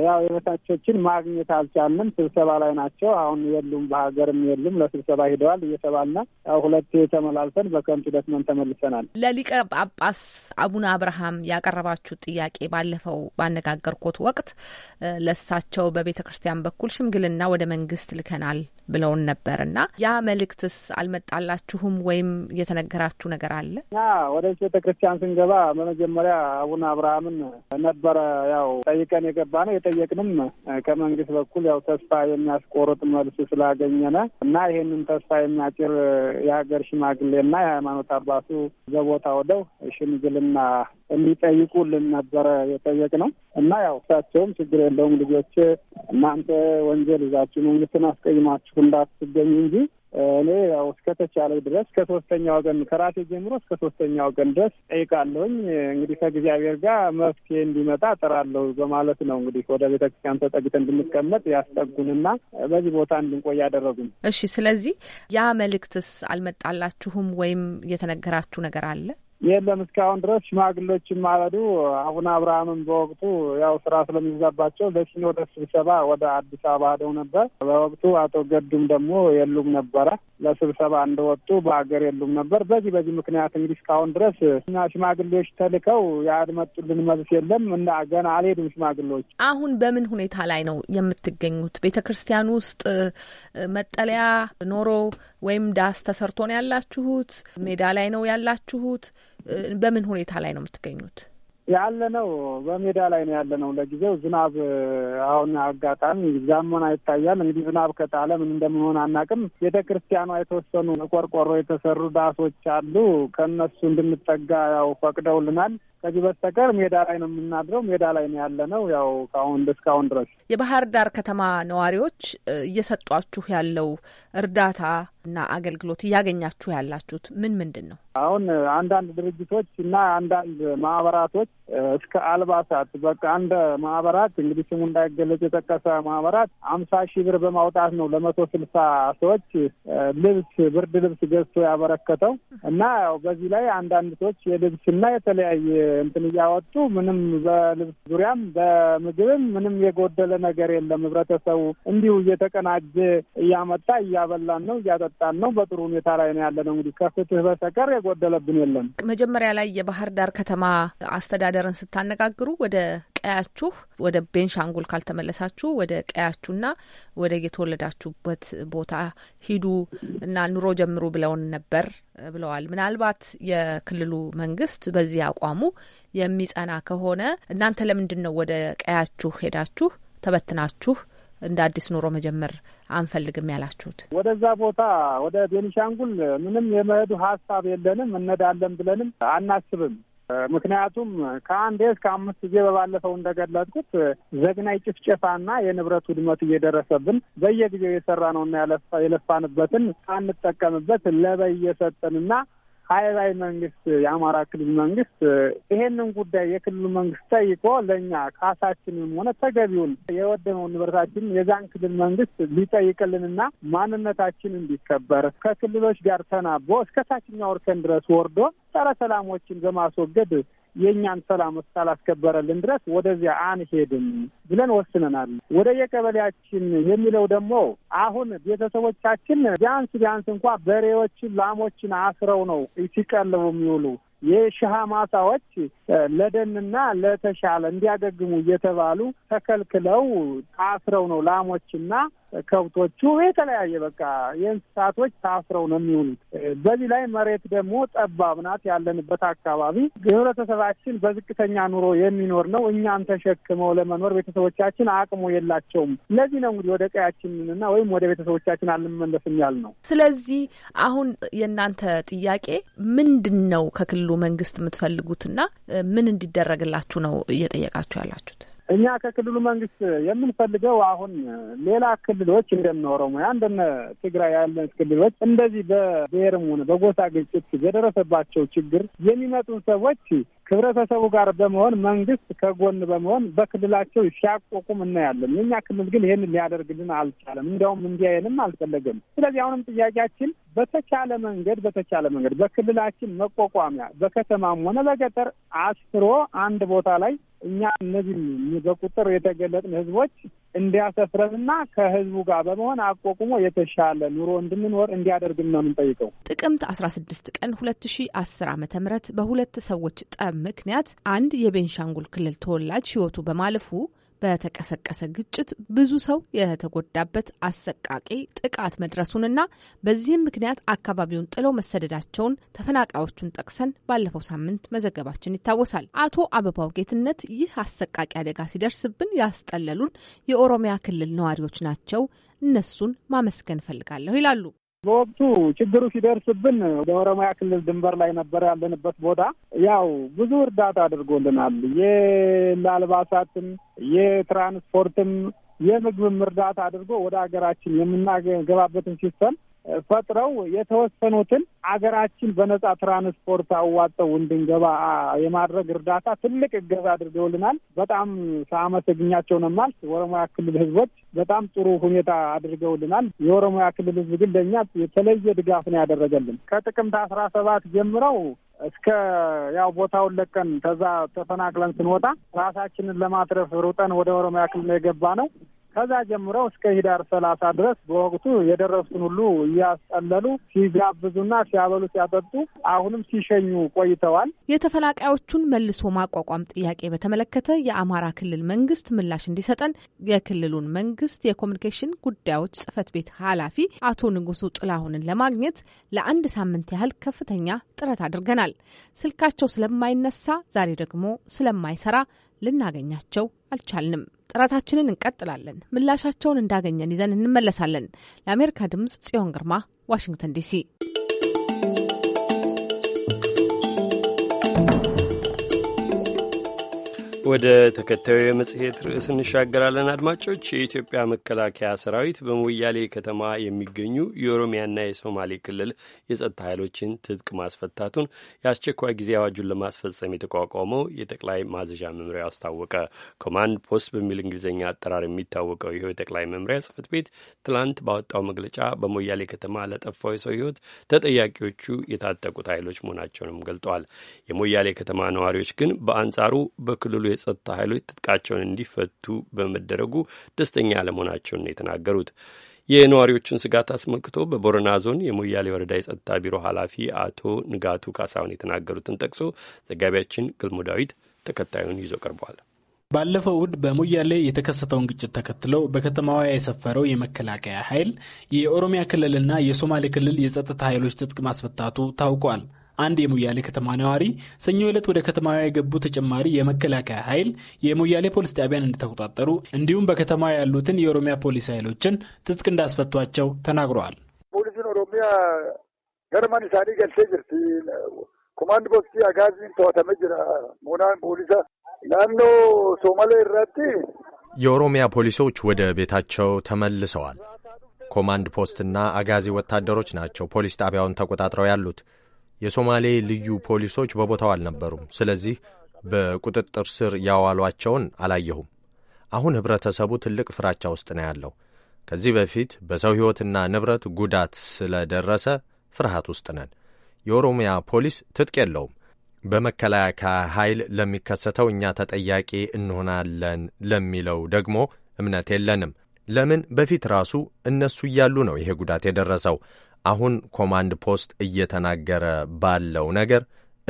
ያው የበታቾችን ማግኘት አልቻልንም። ስብሰባ ላይ ናቸው። አሁን የሉም፣ በሀገርም የሉም። ለስብሰባ ሂደዋል እየተባልን ያው ሁለት ተመላልሰን በከንቱ ደክመን ተመልሰናል። ለሊቀ ጳጳስ አቡነ አብርሃም ያቀረባችሁ ጥያቄ ባለፈው ባነጋገርኩት ወቅት ለሳቸው በቤተ ክርስቲያን በኩል ሽምግልና ወደ መንግስት ልከናል ብለውን ነበር እና ያ መልእክትስ አልመጣላችሁም ወይም የተነገራችሁ ነገር አለ? አለ እና ወደ ቤተ ክርስቲያን ስንገባ በመጀመሪያ አቡነ አብርሃምን ነበረ ያው ጠይቀን የገባ ነው። የጠየቅንም ከመንግስት በኩል ያው ተስፋ የሚያስቆርጥ መልስ ስላገኘነ እና ይሄንን ተስፋ የሚያጭር የሀገር ሽማግሌና የሃይማኖት አባቱ በቦታ ወደው ሽምግልና እንዲጠይቁልን ነበረ የጠየቅ ነው እና ያው እሳቸውም ችግር የለውም ልጆች እናንተ ወንጀል ይዛችሁ መንግስትን አስቀይማችሁ እንዳትገኙ እንጂ እኔ ያው እስከተቻለ ድረስ ከሶስተኛ ወገን ከራሴ ጀምሮ እስከ ሶስተኛ ወገን ድረስ ጠይቃለሁኝ። እንግዲህ ከእግዚአብሔር ጋር መፍትሄ እንዲመጣ ጥራለሁ በማለት ነው እንግዲህ ወደ ቤተክርስቲያን ተጠግተን እንድንቀመጥ ያስጠጉንና በዚህ ቦታ እንድንቆይ ያደረጉን። እሺ፣ ስለዚህ ያ መልእክትስ አልመጣላችሁም ወይም የተነገራችሁ ነገር አለ? የለም እስካሁን ድረስ ሽማግሌዎችም ማለዱ አቡነ አብርሃምን በወቅቱ ያው ስራ ስለሚዛባቸው ለሲኖዶስ ስብሰባ ወደ አዲስ አበባ ሄደው ነበር። በወቅቱ አቶ ገዱም ደግሞ የሉም ነበረ። ለስብሰባ እንደወጡ በሀገር የሉም ነበር። በዚህ በዚህ ምክንያት እንግዲህ እስካሁን ድረስ እና ሽማግሌዎች ተልከው ያድመጡልን መልስ የለም እና ገና አልሄዱም ሽማግሌዎች። አሁን በምን ሁኔታ ላይ ነው የምትገኙት? ቤተ ክርስቲያን ውስጥ መጠለያ ኖሮ ወይም ዳስ ተሰርቶ ነው ያላችሁት? ሜዳ ላይ ነው ያላችሁት? በምን ሁኔታ ላይ ነው የምትገኙት? ያለ ነው። በሜዳ ላይ ነው ያለ ነው። ለጊዜው ዝናብ አሁን አጋጣሚ ዛመና ይታያል። እንግዲህ ዝናብ ከጣለ ምን እንደምንሆን አናቅም። ቤተ ክርስቲያኗ የተወሰኑ ቆርቆሮ የተሰሩ ዳሶች አሉ። ከእነሱ እንድንጠጋ ያው ፈቅደውልናል። ከዚህ በስተቀር ሜዳ ላይ ነው የምናድረው፣ ሜዳ ላይ ነው ያለ ነው ያው ከአሁን እስካሁን ድረስ የባህር ዳር ከተማ ነዋሪዎች እየሰጧችሁ ያለው እርዳታ እና አገልግሎት እያገኛችሁ ያላችሁት ምን ምንድን ነው? አሁን አንዳንድ ድርጅቶች እና አንዳንድ ማህበራቶች እስከ አልባሳት በቃ አንድ ማህበራት እንግዲህ ስሙ እንዳይገለጽ የጠቀሰ ማህበራት አምሳ ሺህ ብር በማውጣት ነው ለመቶ ስልሳ ሰዎች ልብስ ብርድ ልብስ ገዝቶ ያበረከተው እና ያው በዚህ ላይ አንዳንድ ሰዎች የልብስና የተለያየ እንትን እያወጡ ምንም በልብስ ዙሪያም በምግብም ምንም የጎደለ ነገር የለም። ህብረተሰቡ እንዲሁ እየተቀናጀ እያመጣ እያበላን ነው እያጠጣን ነው። በጥሩ ሁኔታ ላይ ነው ያለ ነው። እንግዲህ ከፍትህ በስተቀር የጎደለብን የለም። መጀመሪያ ላይ የባህር ዳር ከተማ አስተዳደርን ስታነጋግሩ ወደ ቀያችሁ ወደ ቤንሻንጉል ካልተመለሳችሁ ወደ ቀያችሁና ወደ የተወለዳችሁበት ቦታ ሂዱ እና ኑሮ ጀምሩ ብለውን ነበር ብለዋል። ምናልባት የክልሉ መንግስት በዚህ አቋሙ የሚጸና ከሆነ እናንተ ለምንድን ነው ወደ ቀያችሁ ሄዳችሁ ተበትናችሁ እንደ አዲስ ኑሮ መጀመር አንፈልግም ያላችሁት? ወደዛ ቦታ ወደ ቤኒሻንጉል ምንም የመሄዱ ሀሳብ የለንም፣ እንሄዳለን ብለንም አናስብም። ምክንያቱም ከአንድ እስከ አምስት ጊዜ በባለፈው እንደገለጥኩት ዘግናይ ጭፍጨፋና የንብረት ውድመት እየደረሰብን በየጊዜው የሰራ ነው ነውና የለፋንበትን አንጠቀምበት ለበይ እየሰጠንና ሀይላዊ መንግስት የአማራ ክልል መንግስት ይሄንን ጉዳይ የክልሉ መንግስት ጠይቆ ለእኛ ካሳችንም ሆነ ተገቢውን የወደመውን ንብረታችን የዛን ክልል መንግስት ሊጠይቅልንና ማንነታችን እንዲከበር ከክልሎች ጋር ተናቦ እስከ ታችኛ ወርከን ድረስ ወርዶ ጸረ ሰላሞችን በማስወገድ የእኛን ሰላም እስካላስከበረልን ድረስ ወደዚያ አንሄድም ብለን ወስነናል። ወደ የቀበሌያችን የሚለው ደግሞ አሁን ቤተሰቦቻችን ቢያንስ ቢያንስ እንኳ በሬዎችን፣ ላሞችን አስረው ነው ሲቀልቡ የሚውሉ የሽሃ ማሳዎች ለደንና ለተሻለ እንዲያገግሙ እየተባሉ ተከልክለው አስረው ነው ላሞችና ከብቶቹ የተለያየ በቃ የእንስሳቶች ታስረው ነው የሚውሉት። በዚህ ላይ መሬት ደግሞ ጠባብ ናት። ያለንበት አካባቢ ህብረተሰባችን በዝቅተኛ ኑሮ የሚኖር ነው። እኛን ተሸክመው ለመኖር ቤተሰቦቻችን አቅሙ የላቸውም። ለዚህ ነው እንግዲህ ወደ ቀያችንና ወይም ወደ ቤተሰቦቻችን አልመለስም ያል ነው። ስለዚህ አሁን የእናንተ ጥያቄ ምንድን ነው? ከክልሉ መንግስት የምትፈልጉትና ምን እንዲደረግላችሁ ነው እየጠየቃችሁ ያላችሁት? እኛ ከክልሉ መንግስት የምንፈልገው አሁን ሌላ ክልሎች እንደነ ኦሮሚያ እንደነ ትግራይ ያለ ክልሎች እንደዚህ በብሔርም ሆነ በጎሳ ግጭት የደረሰባቸው ችግር የሚመጡን ሰዎች ህብረተሰቡ ጋር በመሆን መንግስት ከጎን በመሆን በክልላቸው ሲያቆቁም እናያለን። የእኛ ክልል ግን ይህን ሊያደርግልን አልቻለም። እንዲያውም እንዲያየንም አልፈለገም። ስለዚህ አሁንም ጥያቄያችን በተቻለ መንገድ በተቻለ መንገድ በክልላችን መቋቋሚያ በከተማም ሆነ በገጠር አስፍሮ አንድ ቦታ ላይ እኛ እነዚህ በቁጥር የተገለጥን ህዝቦች እንዲያሰፍረንና ከህዝቡ ጋር በመሆን አቋቁሞ የተሻለ ኑሮ እንድንኖር እንዲያደርግን ነው የምንጠይቀው። ጥቅምት 16 ቀን አስር አመተ ም በሁለት ሰዎች ጠብ ምክንያት አንድ የቤንሻንጉል ክልል ተወላጅ ህይወቱ በማለፉ በተቀሰቀሰ ግጭት ብዙ ሰው የተጎዳበት አሰቃቂ ጥቃት መድረሱንና በዚህም ምክንያት አካባቢውን ጥለው መሰደዳቸውን ተፈናቃዮቹን ጠቅሰን ባለፈው ሳምንት መዘገባችን ይታወሳል። አቶ አበባው ጌትነት ይህ አሰቃቂ አደጋ ሲደርስብን ያስጠለሉን የኦሮሚያ ክልል ነዋሪዎች ናቸው፣ እነሱን ማመስገን እፈልጋለሁ ይላሉ። በወቅቱ ችግሩ ሲደርስብን በኦሮሚያ ክልል ድንበር ላይ ነበር ያለንበት ቦታ። ያው ብዙ እርዳታ አድርጎልናል። የአልባሳትም፣ የትራንስፖርትም፣ የምግብም እርዳታ አድርጎ ወደ ሀገራችን የምናገባበትን ሲስተም ፈጥረው የተወሰኑትን አገራችን በነጻ ትራንስፖርት አዋጠው እንድንገባ የማድረግ እርዳታ ትልቅ እገዛ አድርገውልናል። በጣም ሳመሰግኛቸው ነው የማልስ። የኦሮሞያ ክልል ህዝቦች በጣም ጥሩ ሁኔታ አድርገውልናል። የኦሮሞያ ክልል ህዝብ ግን ለእኛ የተለየ ድጋፍ ነው ያደረገልን ከጥቅምት አስራ ሰባት ጀምረው እስከ ያው ቦታውን ለቀን ከዛ ተፈናቅለን ስንወጣ ራሳችንን ለማትረፍ ሩጠን ወደ ኦሮሚያ ክልል የገባ ነው። ከዛ ጀምሮ እስከ ህዳር ሰላሳ ድረስ በወቅቱ የደረሱን ሁሉ እያስጠለሉ ሲጋብዙና ሲያበሉ ሲያጠጡ አሁንም ሲሸኙ ቆይተዋል። የተፈናቃዮቹን መልሶ ማቋቋም ጥያቄ በተመለከተ የአማራ ክልል መንግስት ምላሽ እንዲሰጠን የክልሉን መንግስት የኮሚኒኬሽን ጉዳዮች ጽህፈት ቤት ኃላፊ አቶ ንጉሱ ጥላሁንን ለማግኘት ለአንድ ሳምንት ያህል ከፍተኛ ጥረት አድርገናል። ስልካቸው ስለማይነሳ ዛሬ ደግሞ ስለማይሰራ ልናገኛቸው አልቻልንም። ጥረታችንን እንቀጥላለን። ምላሻቸውን እንዳገኘን ይዘን እንመለሳለን። ለአሜሪካ ድምጽ ጽዮን ግርማ ዋሽንግተን ዲሲ ወደ ተከታዩ የመጽሔት ርዕስ እንሻገራለን። አድማጮች፣ የኢትዮጵያ መከላከያ ሰራዊት በሞያሌ ከተማ የሚገኙ የኦሮሚያና የሶማሌ ክልል የጸጥታ ኃይሎችን ትጥቅ ማስፈታቱን የአስቸኳይ ጊዜ አዋጁን ለማስፈጸም የተቋቋመው የጠቅላይ ማዘዣ መምሪያ አስታወቀ። ኮማንድ ፖስት በሚል እንግሊዝኛ አጠራር የሚታወቀው ይኸው የጠቅላይ መምሪያ ጽሕፈት ቤት ትላንት ባወጣው መግለጫ በሞያሌ ከተማ ለጠፋው የሰው ህይወት ተጠያቂዎቹ የታጠቁት ኃይሎች መሆናቸውንም ገልጠዋል። የሞያሌ ከተማ ነዋሪዎች ግን በአንጻሩ በክልሉ የጸጥታ ኃይሎች ትጥቃቸውን እንዲፈቱ በመደረጉ ደስተኛ አለመሆናቸውን ነው የተናገሩት። የነዋሪዎቹን ስጋት አስመልክቶ በቦረና ዞን የሞያሌ ወረዳ የጸጥታ ቢሮ ኃላፊ አቶ ንጋቱ ካሳሁን የተናገሩትን ጠቅሶ ዘጋቢያችን ግልሞ ዳዊት ተከታዩን ይዞ ቀርቧል። ባለፈው እሁድ በሞያሌ የተከሰተውን ግጭት ተከትለው በከተማዋ የሰፈረው የመከላከያ ኃይል የኦሮሚያ ክልልና የሶማሌ ክልል የጸጥታ ኃይሎች ትጥቅ ማስፈታቱ ታውቋል። አንድ የሞያሌ ከተማ ነዋሪ ሰኞ ዕለት ወደ ከተማዋ የገቡ ተጨማሪ የመከላከያ ኃይል የሞያሌ ፖሊስ ጣቢያን እንደተቆጣጠሩ እንዲሁም በከተማ ያሉትን የኦሮሚያ ፖሊስ ኃይሎችን ትጥቅ እንዳስፈቷቸው ተናግረዋል። ፖሊስን ኦሮሚያ ገርማን ሳኒ ገልሴ ጅርቲ ኮማንድ ፖስቲ አጋዚን ተዋተመ ጅራ ሞናን ፖሊሰ ናኖ ሶማሌ ራቲ የኦሮሚያ ፖሊሶች ወደ ቤታቸው ተመልሰዋል። ኮማንድ ፖስትና አጋዚ ወታደሮች ናቸው ፖሊስ ጣቢያውን ተቆጣጥረው ያሉት። የሶማሌ ልዩ ፖሊሶች በቦታው አልነበሩም። ስለዚህ በቁጥጥር ስር ያዋሏቸውን አላየሁም። አሁን ህብረተሰቡ ትልቅ ፍራቻ ውስጥ ነው ያለው። ከዚህ በፊት በሰው ሕይወትና ንብረት ጉዳት ስለደረሰ ፍርሃት ውስጥ ነን። የኦሮሚያ ፖሊስ ትጥቅ የለውም። በመከላከያ ኃይል ለሚከሰተው እኛ ተጠያቂ እንሆናለን ለሚለው ደግሞ እምነት የለንም። ለምን በፊት ራሱ እነሱ እያሉ ነው ይሄ ጉዳት የደረሰው። አሁን ኮማንድ ፖስት እየተናገረ ባለው ነገር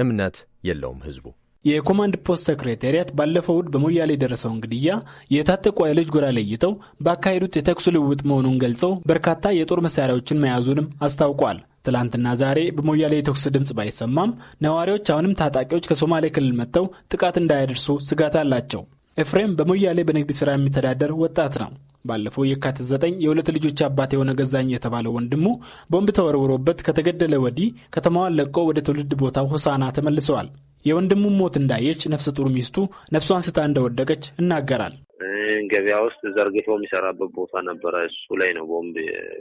እምነት የለውም ህዝቡ። የኮማንድ ፖስት ሴክሬታሪያት ባለፈው እሁድ በሞያሌ የደረሰውን ግድያ የታጠቁ ኃይሎች ጎራ ለይተው ባካሄዱት የተኩስ ልውውጥ መሆኑን ገልጸው በርካታ የጦር መሳሪያዎችን መያዙንም አስታውቋል። ትላንትና ዛሬ በሞያሌ የተኩስ ድምፅ ባይሰማም ነዋሪዎች አሁንም ታጣቂዎች ከሶማሌ ክልል መጥተው ጥቃት እንዳያደርሱ ስጋት አላቸው። ኤፍሬም በሞያሌ በንግድ ሥራ የሚተዳደር ወጣት ነው። ባለፈው የካቲት ዘጠኝ የሁለት ልጆች አባት የሆነ ገዛኝ የተባለ ወንድሙ ቦምብ ተወርውሮበት ከተገደለ ወዲህ ከተማዋን ለቆ ወደ ትውልድ ቦታው ሆሳና ተመልሰዋል። የወንድሙን ሞት እንዳየች ነፍሰ ጡር ሚስቱ ነፍሷን ስታ እንደወደቀች እናገራል። ገበያ ውስጥ ዘርግቶ የሚሰራበት ቦታ ነበረ። እሱ ላይ ነው ቦምብ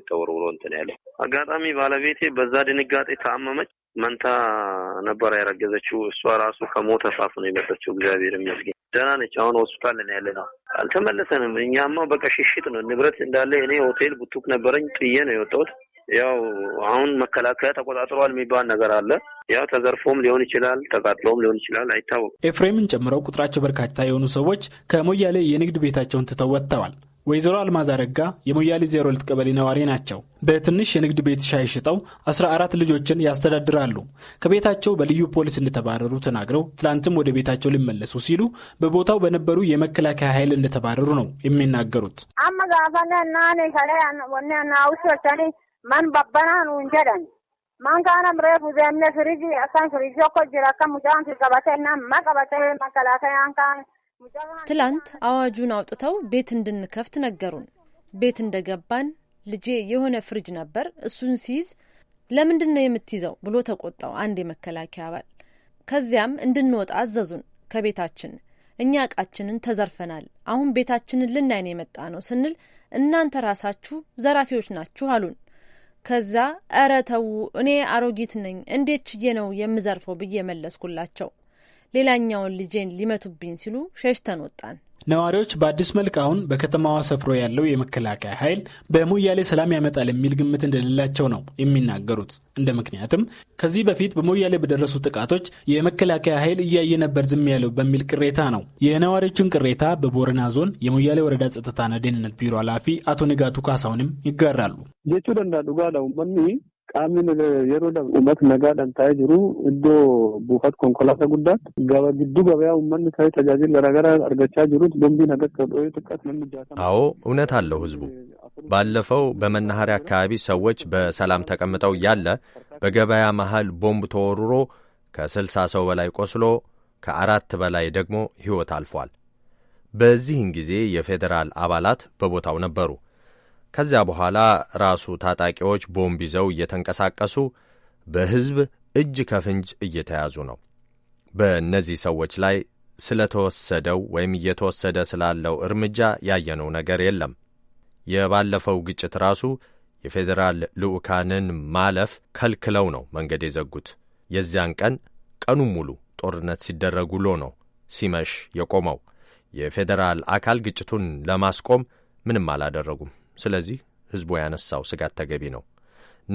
ተወርውሮ እንትን ያለ። አጋጣሚ ባለቤቴ በዛ ድንጋጤ ታመመች። መንታ ነበረ ያረገዘችው። እሷ ራሱ ከሞት አፋፍ ነው የመጠችው። እግዚአብሔር ይመስገን ደህና ነች። አሁን ሆስፒታል ነው ያለ ነው። አልተመለሰንም። እኛማ በቃ ሽሽት ነው ንብረት እንዳለ እኔ ሆቴል ቡቱክ ነበረኝ ጥዬ ነው የወጣሁት። ያው አሁን መከላከያ ተቆጣጥሯል የሚባል ነገር አለ። ያው ተዘርፎም ሊሆን ይችላል፣ ተቃጥሎም ሊሆን ይችላል፣ አይታወቅም። ኤፍሬምን ጨምረው ቁጥራቸው በርካታ የሆኑ ሰዎች ከሞያሌ የንግድ ቤታቸውን ትተው ወጥተዋል። ወይዘሮ አልማዝ አረጋ የሞያሌ ዜሮ ሁለት ቀበሌ ነዋሪ ናቸው። በትንሽ የንግድ ቤት ሻይ ሽጠው 14 ልጆችን ያስተዳድራሉ። ከቤታቸው በልዩ ፖሊስ እንደተባረሩ ተናግረው ትላንትም ወደ ቤታቸው ሊመለሱ ሲሉ በቦታው በነበሩ የመከላከያ ኃይል እንደተባረሩ ነው የሚናገሩት። ማን ባባና ነው እንጀዳን ማንካናም ሬፉ ዘነ ፍሪጅ አሳን ፍሪጅ ኮ ጅራ ከሙጫን ሲቀባቴና ማቀባቴ መከላከያ አንካን ትላንት አዋጁን አውጥተው ቤት እንድንከፍት ነገሩን። ቤት እንደገባን ልጄ የሆነ ፍሪጅ ነበር፣ እሱን ሲይዝ ለምንድን ነው የምትይዘው ብሎ ተቆጣው አንድ የመከላከያ አባል። ከዚያም እንድንወጣ አዘዙን ከቤታችን። እኛ እቃችንን ተዘርፈናል፣ አሁን ቤታችንን ልናይን የመጣ ነው ስንል እናንተ ራሳችሁ ዘራፊዎች ናችሁ አሉን። ከዛ እረ ተዉ፣ እኔ አሮጊት ነኝ እንዴት ችዬ ነው የምዘርፈው ብዬ መለስኩላቸው። ሌላኛውን ልጄን ሊመቱብኝ ሲሉ ሸሽተን ወጣን። ነዋሪዎች በአዲስ መልክ አሁን በከተማዋ ሰፍሮ ያለው የመከላከያ ኃይል በሞያሌ ሰላም ያመጣል የሚል ግምት እንደሌላቸው ነው የሚናገሩት። እንደ ምክንያትም ከዚህ በፊት በሞያሌ በደረሱ ጥቃቶች የመከላከያ ኃይል እያየ ነበር ዝም ያለው በሚል ቅሬታ ነው። የነዋሪዎቹን ቅሬታ በቦረና ዞን የሞያሌ ወረዳ ጸጥታና ደህንነት ቢሮ ኃላፊ አቶ ንጋቱ ካሳውንም ይጋራሉ። qaamni yeroo uummata nagaadhaan taa'ee jiru iddoo buufata konkolaataa guddaatti gaba gidduu gabayaa uummanni taa'ee tajaajila garaagaraa argachaa jiruት bombiin akka ከዶይ ጥቃት ነው የሚዳሰው። አዎ እውነት አለው ህዝቡ ባለፈው በመናኸሪያ አካባቢ ሰዎች በሰላም ተቀምጠው እያለ በገበያ መሃል ቦምብ ተወርሮ ከስልሳ ሰው በላይ ቆስሎ ከአራት በላይ ደግሞ ሕይወት አልፏል። በዚህን ጊዜ የፌዴራል አባላት በቦታው ነበሩ። ከዚያ በኋላ ራሱ ታጣቂዎች ቦምብ ይዘው እየተንቀሳቀሱ በሕዝብ እጅ ከፍንጅ እየተያዙ ነው። በእነዚህ ሰዎች ላይ ስለተወሰደው ወይም እየተወሰደ ስላለው እርምጃ ያየነው ነገር የለም። የባለፈው ግጭት ራሱ የፌዴራል ልዑካንን ማለፍ ከልክለው ነው መንገድ የዘጉት። የዚያን ቀን ቀኑን ሙሉ ጦርነት ሲደረግ ውሎ ነው ሲመሽ የቆመው። የፌዴራል አካል ግጭቱን ለማስቆም ምንም አላደረጉም። ስለዚህ ሕዝቡ ያነሳው ስጋት ተገቢ ነው።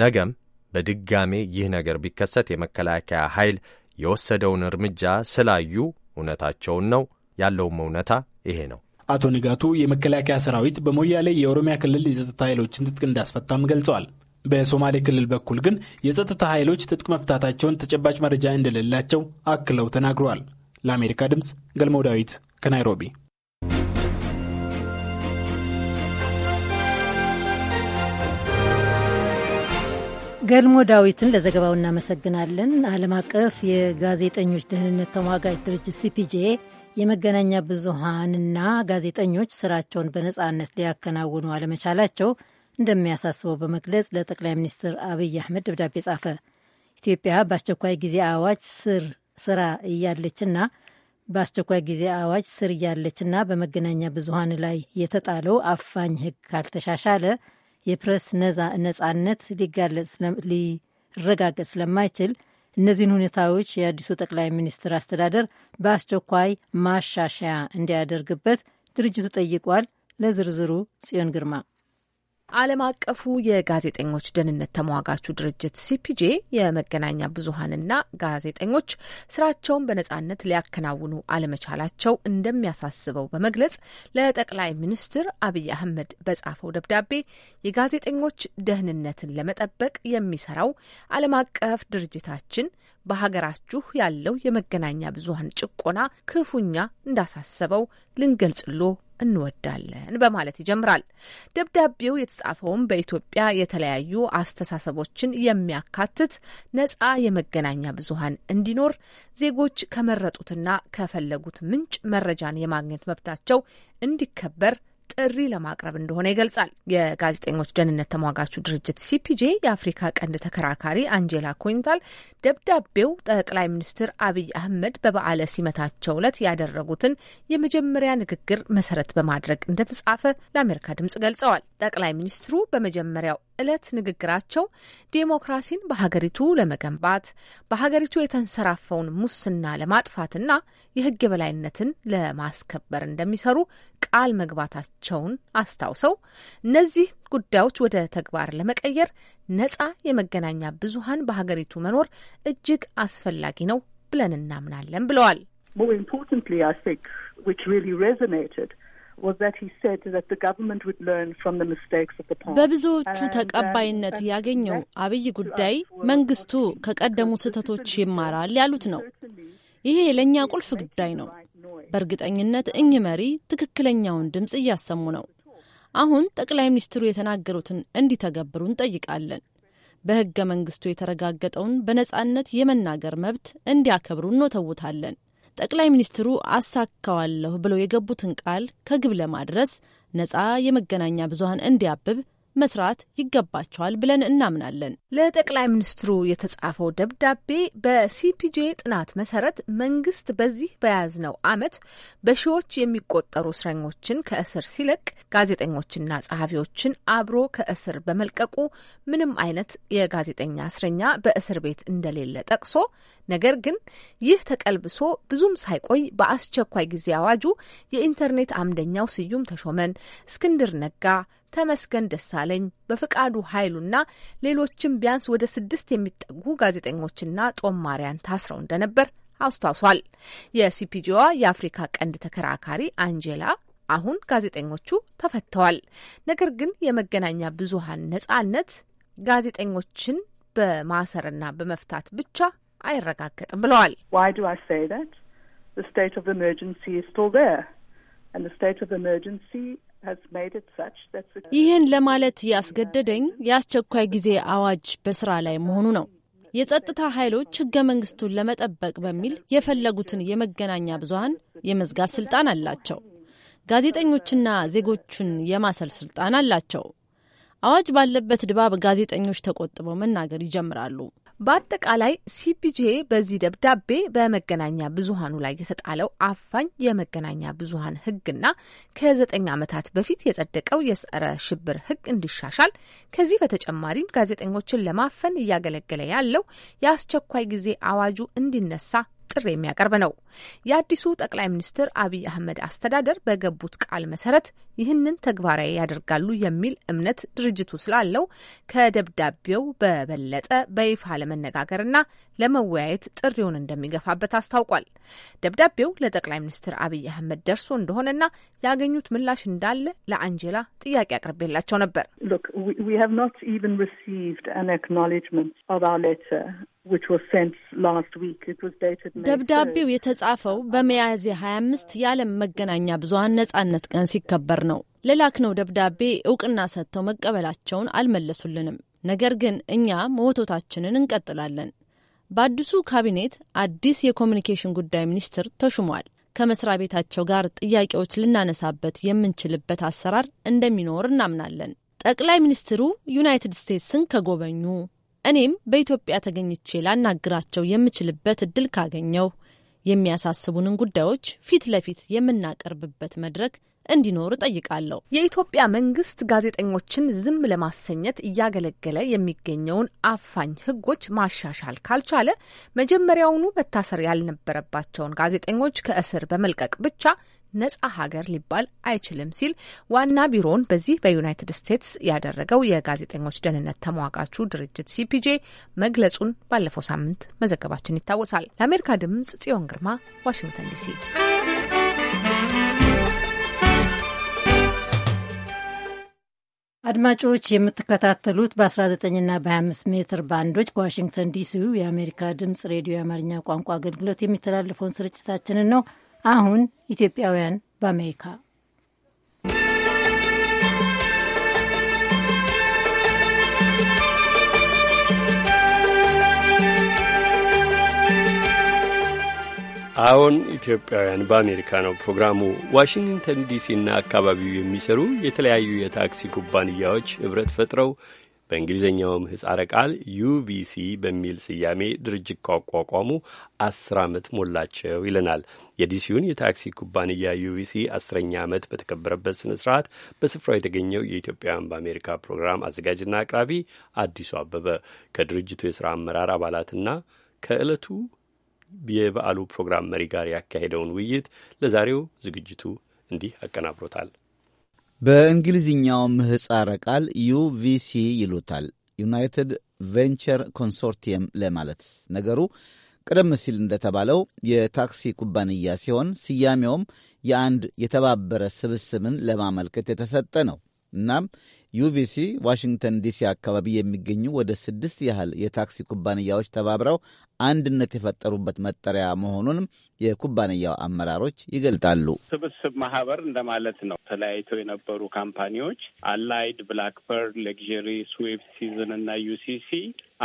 ነገም በድጋሜ ይህ ነገር ቢከሰት የመከላከያ ኃይል የወሰደውን እርምጃ ስላዩ እውነታቸውን ነው። ያለውም እውነታ ይሄ ነው። አቶ ንጋቱ የመከላከያ ሰራዊት በሞያሌ የኦሮሚያ ክልል የጸጥታ ኃይሎችን ትጥቅ እንዳስፈታም ገልጸዋል። በሶማሌ ክልል በኩል ግን የጸጥታ ኃይሎች ትጥቅ መፍታታቸውን ተጨባጭ መረጃ እንደሌላቸው አክለው ተናግረዋል። ለአሜሪካ ድምፅ ገልሞ ዳዊት ከናይሮቢ ገልሞ ዳዊትን ለዘገባው እናመሰግናለን። ዓለም አቀፍ የጋዜጠኞች ደህንነት ተሟጋጅ ድርጅት ሲፒጄ የመገናኛ ብዙሃንና ጋዜጠኞች ስራቸውን በነፃነት ሊያከናውኑ አለመቻላቸው እንደሚያሳስበው በመግለጽ ለጠቅላይ ሚኒስትር አብይ አህመድ ደብዳቤ ጻፈ። ኢትዮጵያ በአስቸኳይ ጊዜ አዋጅ ስር ስራ እያለችና በአስቸኳይ ጊዜ አዋጅ ስር እያለችና በመገናኛ ብዙሃን ላይ የተጣለው አፋኝ ህግ ካልተሻሻለ የፕሬስ ነጻነት ሊረጋገጥ ስለማይችል እነዚህን ሁኔታዎች የአዲሱ ጠቅላይ ሚኒስትር አስተዳደር በአስቸኳይ ማሻሻያ እንዲያደርግበት ድርጅቱ ጠይቋል። ለዝርዝሩ ጽዮን ግርማ ዓለም አቀፉ የጋዜጠኞች ደህንነት ተሟጋቹ ድርጅት ሲፒጄ የመገናኛ ብዙሀንና ጋዜጠኞች ስራቸውን በነጻነት ሊያከናውኑ አለመቻላቸው እንደሚያሳስበው በመግለጽ ለጠቅላይ ሚኒስትር አብይ አህመድ በጻፈው ደብዳቤ የጋዜጠኞች ደህንነትን ለመጠበቅ የሚሰራው ዓለም አቀፍ ድርጅታችን በሀገራችሁ ያለው የመገናኛ ብዙሀን ጭቆና ክፉኛ እንዳሳሰበው ልንገልጽሎ እንወዳለን በማለት ይጀምራል። ደብዳቤው የተጻፈውም በኢትዮጵያ የተለያዩ አስተሳሰቦችን የሚያካትት ነጻ የመገናኛ ብዙሀን እንዲኖር ዜጎች ከመረጡትና ከፈለጉት ምንጭ መረጃን የማግኘት መብታቸው እንዲከበር ጥሪ ለማቅረብ እንደሆነ ይገልጻል። የጋዜጠኞች ደህንነት ተሟጋቹ ድርጅት ሲፒጄ የአፍሪካ ቀንድ ተከራካሪ አንጄላ ኮይንታል። ደብዳቤው ጠቅላይ ሚኒስትር አብይ አህመድ በበዓለ ሲመታቸው ዕለት ያደረጉትን የመጀመሪያ ንግግር መሰረት በማድረግ እንደተጻፈ ለአሜሪካ ድምጽ ገልጸዋል። ጠቅላይ ሚኒስትሩ በመጀመሪያው ዕለት ንግግራቸው ዴሞክራሲን በሀገሪቱ ለመገንባት በሀገሪቱ የተንሰራፈውን ሙስና ለማጥፋትና የህግ የበላይነትን ለማስከበር እንደሚሰሩ ቃል መግባታቸውን አስታውሰው እነዚህ ጉዳዮች ወደ ተግባር ለመቀየር ነጻ የመገናኛ ብዙሃን በሀገሪቱ መኖር እጅግ አስፈላጊ ነው ብለን እናምናለን ብለዋል። በብዙዎቹ ተቀባይነት ያገኘው አብይ ጉዳይ መንግስቱ ከቀደሙ ስህተቶች ይማራል ያሉት ነው። ይሄ ለእኛ ቁልፍ ጉዳይ ነው። በእርግጠኝነት እኚህ መሪ ትክክለኛውን ድምፅ እያሰሙ ነው። አሁን ጠቅላይ ሚኒስትሩ የተናገሩትን እንዲተገብሩ እንጠይቃለን። በሕገ መንግስቱ የተረጋገጠውን በነጻነት የመናገር መብት እንዲያከብሩ እንወተውታለን። ጠቅላይ ሚኒስትሩ አሳካዋለሁ ብለው የገቡትን ቃል ከግብ ለማድረስ ነጻ የመገናኛ ብዙሀን እንዲያብብ መስራት ይገባቸዋል ብለን እናምናለን። ለጠቅላይ ሚኒስትሩ የተጻፈው ደብዳቤ በሲፒጄ ጥናት መሰረት መንግስት በዚህ በያዝነው አመት በሺዎች የሚቆጠሩ እስረኞችን ከእስር ሲለቅ ጋዜጠኞችና ጸሐፊዎችን አብሮ ከእስር በመልቀቁ ምንም አይነት የጋዜጠኛ እስረኛ በእስር ቤት እንደሌለ ጠቅሶ ነገር ግን ይህ ተቀልብሶ ብዙም ሳይቆይ በአስቸኳይ ጊዜ አዋጁ የኢንተርኔት አምደኛው ስዩም ተሾመን፣ እስክንድር ነጋ፣ ተመስገን ደሳለኝ፣ በፍቃዱ ኃይሉና ሌሎችም ቢያንስ ወደ ስድስት የሚጠጉ ጋዜጠኞችና ጦማሪያን ታስረው እንደነበር አስታውሷል። የሲፒጂዋ የአፍሪካ ቀንድ ተከራካሪ አንጀላ አሁን ጋዜጠኞቹ ተፈተዋል፣ ነገር ግን የመገናኛ ብዙሃን ነጻነት ጋዜጠኞችን በማሰርና በመፍታት ብቻ አይረጋገጥም ብለዋል። ይህን ለማለት ያስገደደኝ የአስቸኳይ ጊዜ አዋጅ በስራ ላይ መሆኑ ነው። የጸጥታ ኃይሎች ህገ መንግስቱን ለመጠበቅ በሚል የፈለጉትን የመገናኛ ብዙሀን የመዝጋት ስልጣን አላቸው። ጋዜጠኞችና ዜጎቹን የማሰር ስልጣን አላቸው። አዋጅ ባለበት ድባብ ጋዜጠኞች ተቆጥበው መናገር ይጀምራሉ። በአጠቃላይ ሲፒጄ በዚህ ደብዳቤ በመገናኛ ብዙሀኑ ላይ የተጣለው አፋኝ የመገናኛ ብዙሀን ህግና ከዘጠኝ ዓመታት በፊት የጸደቀው የጸረ ሽብር ህግ እንዲሻሻል ከዚህ በተጨማሪም ጋዜጠኞችን ለማፈን እያገለገለ ያለው የአስቸኳይ ጊዜ አዋጁ እንዲነሳ ጥሪ የሚያቀርብ ነው። የአዲሱ ጠቅላይ ሚኒስትር አብይ አህመድ አስተዳደር በገቡት ቃል መሰረት ይህንን ተግባራዊ ያደርጋሉ የሚል እምነት ድርጅቱ ስላለው ከደብዳቤው በበለጠ በይፋ ለመነጋገርና ለመወያየት ጥሪውን እንደሚገፋበት አስታውቋል። ደብዳቤው ለጠቅላይ ሚኒስትር አብይ አህመድ ደርሶ እንደሆነና ያገኙት ምላሽ እንዳለ ለአንጀላ ጥያቄ አቅርቤላቸው ነበር። ደብዳቤው የተጻፈው በሚያዝያ 25 የዓለም መገናኛ ብዙሀን ነጻነት ቀን ሲከበር ነው። ለላክነው ደብዳቤ እውቅና ሰጥተው መቀበላቸውን አልመለሱልንም። ነገር ግን እኛ መወቶታችንን እንቀጥላለን። በአዲሱ ካቢኔት አዲስ የኮሚኒኬሽን ጉዳይ ሚኒስትር ተሹሟል። ከመስሪያ ቤታቸው ጋር ጥያቄዎች ልናነሳበት የምንችልበት አሰራር እንደሚኖር እናምናለን። ጠቅላይ ሚኒስትሩ ዩናይትድ ስቴትስን ከጎበኙ እኔም በኢትዮጵያ ተገኝቼ ላናግራቸው የምችልበት እድል ካገኘው የሚያሳስቡንን ጉዳዮች ፊት ለፊት የምናቀርብበት መድረክ እንዲኖር ጠይቃለሁ። የኢትዮጵያ መንግስት ጋዜጠኞችን ዝም ለማሰኘት እያገለገለ የሚገኘውን አፋኝ ህጎች ማሻሻል ካልቻለ መጀመሪያውኑ መታሰር ያልነበረባቸውን ጋዜጠኞች ከእስር በመልቀቅ ብቻ ነጻ ሀገር ሊባል አይችልም ሲል ዋና ቢሮውን በዚህ በዩናይትድ ስቴትስ ያደረገው የጋዜጠኞች ደህንነት ተሟጋቹ ድርጅት ሲፒጄ መግለጹን ባለፈው ሳምንት መዘገባችን ይታወሳል። ለአሜሪካ ድምጽ ጽዮን ግርማ ዋሽንግተን ዲሲ አድማጮች የምትከታተሉት በ19ና በ25 ሜትር ባንዶች ከዋሽንግተን ዲሲው የአሜሪካ ድምፅ ሬዲዮ የአማርኛ ቋንቋ አገልግሎት የሚተላለፈውን ስርጭታችንን ነው። አሁን ኢትዮጵያውያን በአሜሪካ አዎን ኢትዮጵያውያን በአሜሪካ ነው ፕሮግራሙ። ዋሽንግተን ዲሲና አካባቢው የሚሰሩ የተለያዩ የታክሲ ኩባንያዎች ኅብረት ፈጥረው በእንግሊዝኛው ምህጻረ ቃል ዩቢሲ በሚል ስያሜ ድርጅት ካቋቋሙ አስር ዓመት ሞላቸው ይለናል። የዲሲውን የታክሲ ኩባንያ ዩቢሲ አስረኛ ዓመት በተከበረበት ስነ ስርዓት በስፍራው የተገኘው የኢትዮጵያውያን በአሜሪካ ፕሮግራም አዘጋጅና አቅራቢ አዲሱ አበበ ከድርጅቱ የሥራ አመራር አባላትና ከዕለቱ የበዓሉ ፕሮግራም መሪ ጋር ያካሄደውን ውይይት ለዛሬው ዝግጅቱ እንዲህ አቀናብሮታል። በእንግሊዝኛው ምህጻረ ቃል ዩቪሲ ይሉታል። ዩናይትድ ቬንቸር ኮንሶርቲየም ለማለት ነገሩ ቀደም ሲል እንደተባለው የታክሲ ኩባንያ ሲሆን ስያሜውም የአንድ የተባበረ ስብስብን ለማመልከት የተሰጠ ነው። እናም ዩቪሲ ዋሽንግተን ዲሲ አካባቢ የሚገኙ ወደ ስድስት ያህል የታክሲ ኩባንያዎች ተባብረው አንድነት የፈጠሩበት መጠሪያ መሆኑንም የኩባንያው አመራሮች ይገልጣሉ። ስብስብ ማህበር እንደማለት ነው። ተለያይተው የነበሩ ካምፓኒዎች አላይድ፣ ብላክበር፣ ሌግሪ፣ ስዊፍት፣ ሲዝን እና ዩሲሲ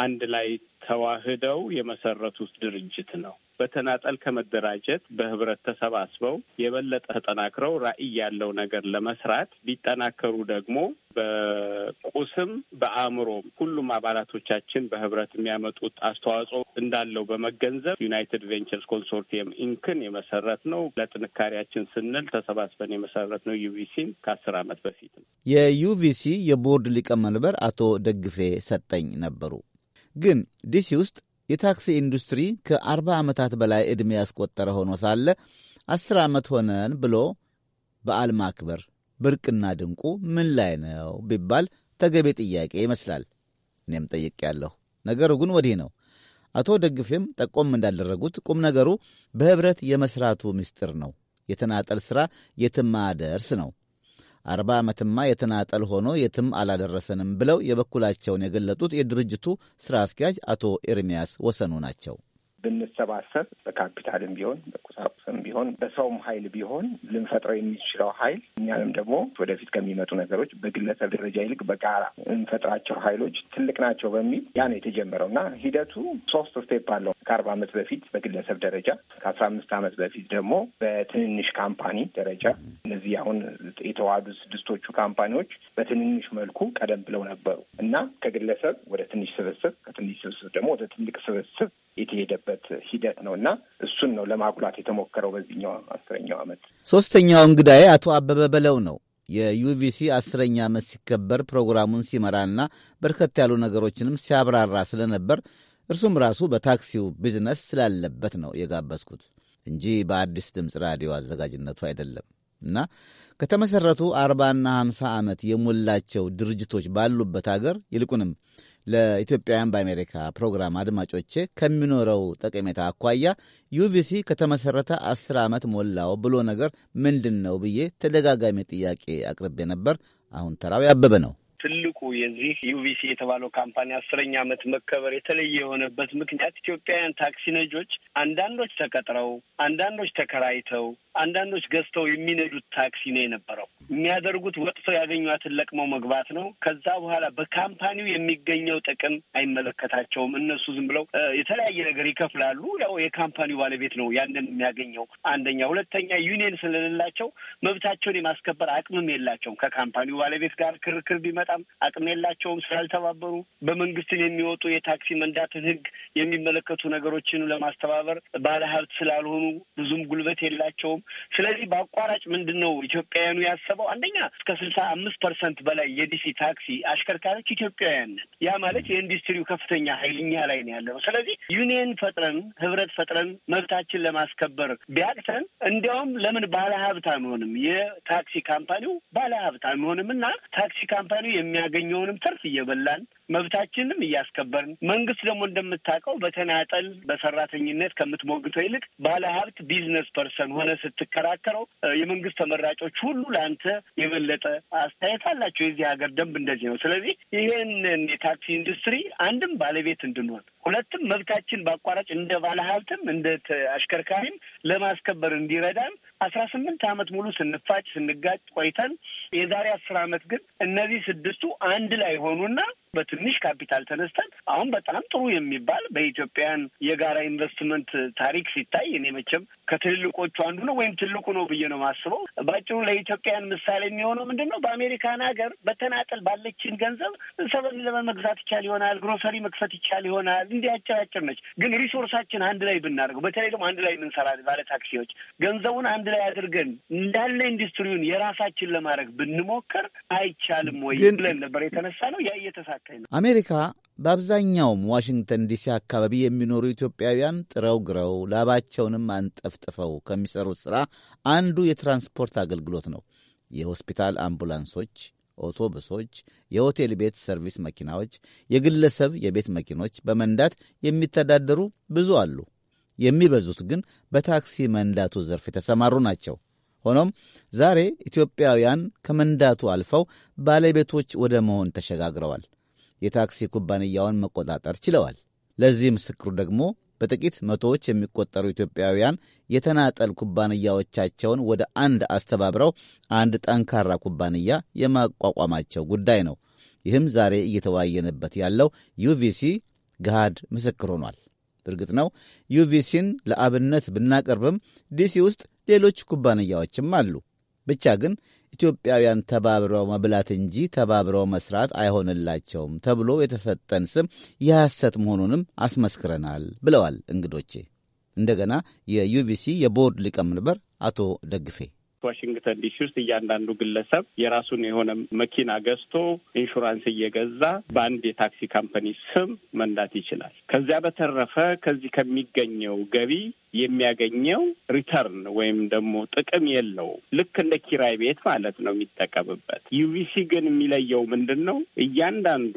አንድ ላይ ተዋህደው የመሰረቱት ድርጅት ነው። በተናጠል ከመደራጀት በህብረት ተሰባስበው የበለጠ ተጠናክረው ራዕይ ያለው ነገር ለመስራት ቢጠናከሩ ደግሞ በቁስም በአእምሮም ሁሉም አባላቶቻችን በህብረት የሚያመጡት አስተዋጽኦ እንዳለው በመገንዘብ ዩናይትድ ቬንቸርስ ኮንሶርቲየም ኢንክን የመሰረት ነው። ለጥንካሬያችን ስንል ተሰባስበን የመሰረት ነው ዩቪሲን ከአስር ዓመት በፊት ነው። የዩቪሲ የቦርድ ሊቀመንበር አቶ ደግፌ ሰጠኝ ነበሩ። ግን ዲሲ ውስጥ የታክሲ ኢንዱስትሪ ከ40 ዓመታት በላይ ዕድሜ ያስቆጠረ ሆኖ ሳለ አስር ዓመት ሆነን ብሎ በዓል ማክበር ብርቅና ድንቁ ምን ላይ ነው ቢባል ተገቢ ጥያቄ ይመስላል። እኔም ጠይቄያለሁ። ነገሩ ግን ወዲህ ነው። አቶ ደግፌም ጠቆም እንዳደረጉት ቁም ነገሩ በኅብረት የመሥራቱ ምስጢር ነው። የተናጠል ሥራ የትም አያደርስ ነው። አርባ ዓመትማ የተናጠል ሆኖ የትም አላደረሰንም ብለው የበኩላቸውን የገለጡት የድርጅቱ ሥራ አስኪያጅ አቶ ኤርሚያስ ወሰኑ ናቸው። ብንሰባሰብ በካፒታልም ቢሆን በቁሳቁስም ቢሆን በሰውም ኃይል ቢሆን ልንፈጥረው የሚችለው ኃይል እኛንም ደግሞ ወደፊት ከሚመጡ ነገሮች በግለሰብ ደረጃ ይልቅ በጋራ እንፈጥራቸው ኃይሎች ትልቅ ናቸው በሚል ያ ነው የተጀመረው እና ሂደቱ ሶስት ስቴፕ አለው። ከአርባ ዓመት በፊት በግለሰብ ደረጃ ከአስራ አምስት ዓመት በፊት ደግሞ በትንንሽ ካምፓኒ ደረጃ እነዚህ አሁን የተዋሃዱ ስድስቶቹ ካምፓኒዎች በትንንሽ መልኩ ቀደም ብለው ነበሩ እና ከግለሰብ ወደ ትንሽ ስብስብ ከትንሽ ስብስብ ደግሞ ወደ ትልቅ ስብስብ የተሄደበት ሂደት ነው እና እሱን ነው ለማጉላት የተሞከረው በዚህኛው አስረኛው ዓመት። ሶስተኛው እንግዳዬ አቶ አበበ በለው ነው። የዩቪሲ አስረኛ ዓመት ሲከበር ፕሮግራሙን ሲመራና በርከት ያሉ ነገሮችንም ሲያብራራ ስለነበር እርሱም ራሱ በታክሲው ቢዝነስ ስላለበት ነው የጋበዝኩት እንጂ በአዲስ ድምፅ ራዲዮ አዘጋጅነቱ አይደለም እና ከተመሠረቱ አርባና ሃምሳ ዓመት የሞላቸው ድርጅቶች ባሉበት አገር ይልቁንም ለኢትዮጵያውያን በአሜሪካ ፕሮግራም አድማጮቼ ከሚኖረው ጠቀሜታ አኳያ ዩቪሲ ከተመሠረተ አስር ዓመት ሞላው ብሎ ነገር ምንድን ነው ብዬ ተደጋጋሚ ጥያቄ አቅርቤ ነበር። አሁን ተራው ያበበ ነው። ትልቁ የዚህ ዩቪሲ የተባለው ካምፓኒ አስረኛ ዓመት መከበር የተለየ የሆነበት ምክንያት ኢትዮጵያውያን ታክሲ ነጆች አንዳንዶች ተቀጥረው፣ አንዳንዶች ተከራይተው፣ አንዳንዶች ገዝተው የሚነዱት ታክሲ ነው የነበረው። የሚያደርጉት ወጥተው ያገኟትን ለቅመው መግባት ነው። ከዛ በኋላ በካምፓኒው የሚገኘው ጥቅም አይመለከታቸውም። እነሱ ዝም ብለው የተለያየ ነገር ይከፍላሉ። ያው የካምፓኒው ባለቤት ነው ያንን የሚያገኘው። አንደኛ፣ ሁለተኛ ዩኒየን ስለሌላቸው መብታቸውን የማስከበር አቅምም የላቸውም። ከካምፓኒው ባለቤት ጋር ክርክር ቢመጣም አቅም የላቸውም ስላልተባበሩ። በመንግስትን የሚወጡ የታክሲ መንዳትን ህግ የሚመለከቱ ነገሮችን ለማስተባበር ባለሀብት ስላልሆኑ ብዙም ጉልበት የላቸውም። ስለዚህ በአቋራጭ ምንድን ነው ኢትዮጵያውያኑ ያሰበው? አንደኛ እስከ ስልሳ አምስት ፐርሰንት በላይ የዲሲ ታክሲ አሽከርካሪዎች ኢትዮጵያውያን ነን። ያ ማለት የኢንዱስትሪው ከፍተኛ ኃይልኛ ላይ ነው ያለው። ስለዚህ ዩኒየን ፈጥረን ህብረት ፈጥረን መብታችን ለማስከበር ቢያቅተን እንዲያውም ለምን ባለ ሀብት አንሆንም? የታክሲ ካምፓኒው ባለ ሀብት አንሆንም እና ታክሲ ካምፓኒው የሚያገኘውንም ትርፍ እየበላን መብታችንም እያስከበርን መንግስት ደግሞ እንደምታውቀው በተናጠል በሰራተኝነት ከምትሞግተው ይልቅ ባለሀብት ቢዝነስ ፐርሰን ሆነ ስትከራከረው የመንግስት ተመራጮች ሁሉ ለአንተ የበለጠ አስተያየት አላቸው። የዚህ ሀገር ደንብ እንደዚህ ነው። ስለዚህ ይህንን የታክሲ ኢንዱስትሪ አንድም ባለቤት እንድንሆን ሁለትም መብታችን በአቋራጭ እንደ ባለሀብትም እንደ አሽከርካሪም ለማስከበር እንዲረዳን አስራ ስምንት ዓመት ሙሉ ስንፋጭ ስንጋጭ ቆይተን የዛሬ አስር ዓመት ግን እነዚህ ስድስቱ አንድ ላይ ሆኑና በትንሽ ካፒታል ተነስተን አሁን በጣም ጥሩ የሚባል በኢትዮጵያን የጋራ ኢንቨስትመንት ታሪክ ሲታይ እኔ መቼም ከትልልቆቹ አንዱ ነው ወይም ትልቁ ነው ብዬ ነው የማስበው። በአጭሩ ለኢትዮጵያን ምሳሌ የሚሆነው ምንድን ነው? በአሜሪካን ሀገር በተናጠል ባለችን ገንዘብ ሰበን ለበን መግዛት ይቻል ይሆናል፣ ግሮሰሪ መክፈት ይቻል ይሆናል። እንዲህ አጭር አጭር ነች። ግን ሪሶርሳችን አንድ ላይ ብናደርገው፣ በተለይ ደግሞ አንድ ላይ የምንሰራ ባለ ታክሲዎች ገንዘቡን አንድ ላይ አድርገን እንዳለ ኢንዱስትሪውን የራሳችን ለማድረግ ብንሞክር አይቻልም ወይ ብለን ነበር የተነሳ ነው። ያ እየተሳካኝ ነው። አሜሪካ በአብዛኛውም ዋሽንግተን ዲሲ አካባቢ የሚኖሩ ኢትዮጵያውያን ጥረው ግረው ላባቸውንም አንጠፍጥፈው ከሚሠሩት ሥራ አንዱ የትራንስፖርት አገልግሎት ነው። የሆስፒታል አምቡላንሶች፣ አውቶቡሶች፣ የሆቴል ቤት ሰርቪስ መኪናዎች፣ የግለሰብ የቤት መኪኖች በመንዳት የሚተዳደሩ ብዙ አሉ። የሚበዙት ግን በታክሲ መንዳቱ ዘርፍ የተሰማሩ ናቸው። ሆኖም ዛሬ ኢትዮጵያውያን ከመንዳቱ አልፈው ባለቤቶች ወደ መሆን ተሸጋግረዋል። የታክሲ ኩባንያውን መቆጣጠር ችለዋል። ለዚህ ምስክሩ ደግሞ በጥቂት መቶዎች የሚቆጠሩ ኢትዮጵያውያን የተናጠል ኩባንያዎቻቸውን ወደ አንድ አስተባብረው አንድ ጠንካራ ኩባንያ የማቋቋማቸው ጉዳይ ነው። ይህም ዛሬ እየተወያየንበት ያለው ዩቪሲ ገሃድ ምስክር ሆኗል። እርግጥ ነው ዩቪሲን ለአብነት ብናቀርብም ዲሲ ውስጥ ሌሎች ኩባንያዎችም አሉ። ብቻ ግን ኢትዮጵያውያን ተባብረው መብላት እንጂ ተባብረው መስራት አይሆንላቸውም ተብሎ የተሰጠን ስም የሐሰት መሆኑንም አስመስክረናል ብለዋል እንግዶቼ። እንደገና የዩቪሲ የቦርድ ሊቀመንበር አቶ ደግፌ ዋሽንግተን ዲሲ ውስጥ እያንዳንዱ ግለሰብ የራሱን የሆነ መኪና ገዝቶ ኢንሹራንስ እየገዛ በአንድ የታክሲ ካምፓኒ ስም መንዳት ይችላል። ከዚያ በተረፈ ከዚህ ከሚገኘው ገቢ የሚያገኘው ሪተርን ወይም ደግሞ ጥቅም የለው ልክ እንደ ኪራይ ቤት ማለት ነው የሚጠቀምበት። ዩቪሲ ግን የሚለየው ምንድን ነው? እያንዳንዱ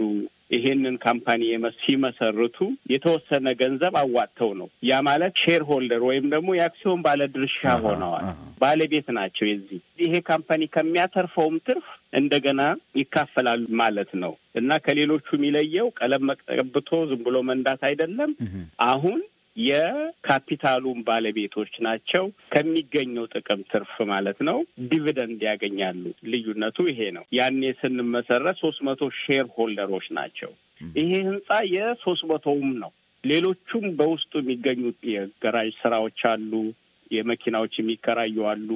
ይሄንን ካምፓኒ ሲመሰርቱ የተወሰነ ገንዘብ አዋጥተው ነው። ያ ማለት ሼር ሆልደር ወይም ደግሞ የአክሲዮን ባለድርሻ ሆነዋል፣ ባለቤት ናቸው። የዚህ ይሄ ካምፓኒ ከሚያተርፈውም ትርፍ እንደገና ይካፈላል ማለት ነው እና ከሌሎቹ የሚለየው ቀለም መቀብቶ ዝም ብሎ መንዳት አይደለም አሁን የካፒታሉን ባለቤቶች ናቸው። ከሚገኘው ጥቅም ትርፍ ማለት ነው ዲቪደንድ ያገኛሉ። ልዩነቱ ይሄ ነው። ያኔ ስንመሰረት ሶስት መቶ ሼር ሆልደሮች ናቸው። ይሄ ህንጻ የሶስት መቶውም ነው። ሌሎቹም በውስጡ የሚገኙት የገራጅ ስራዎች አሉ። የመኪናዎች የሚከራዩ አሉ።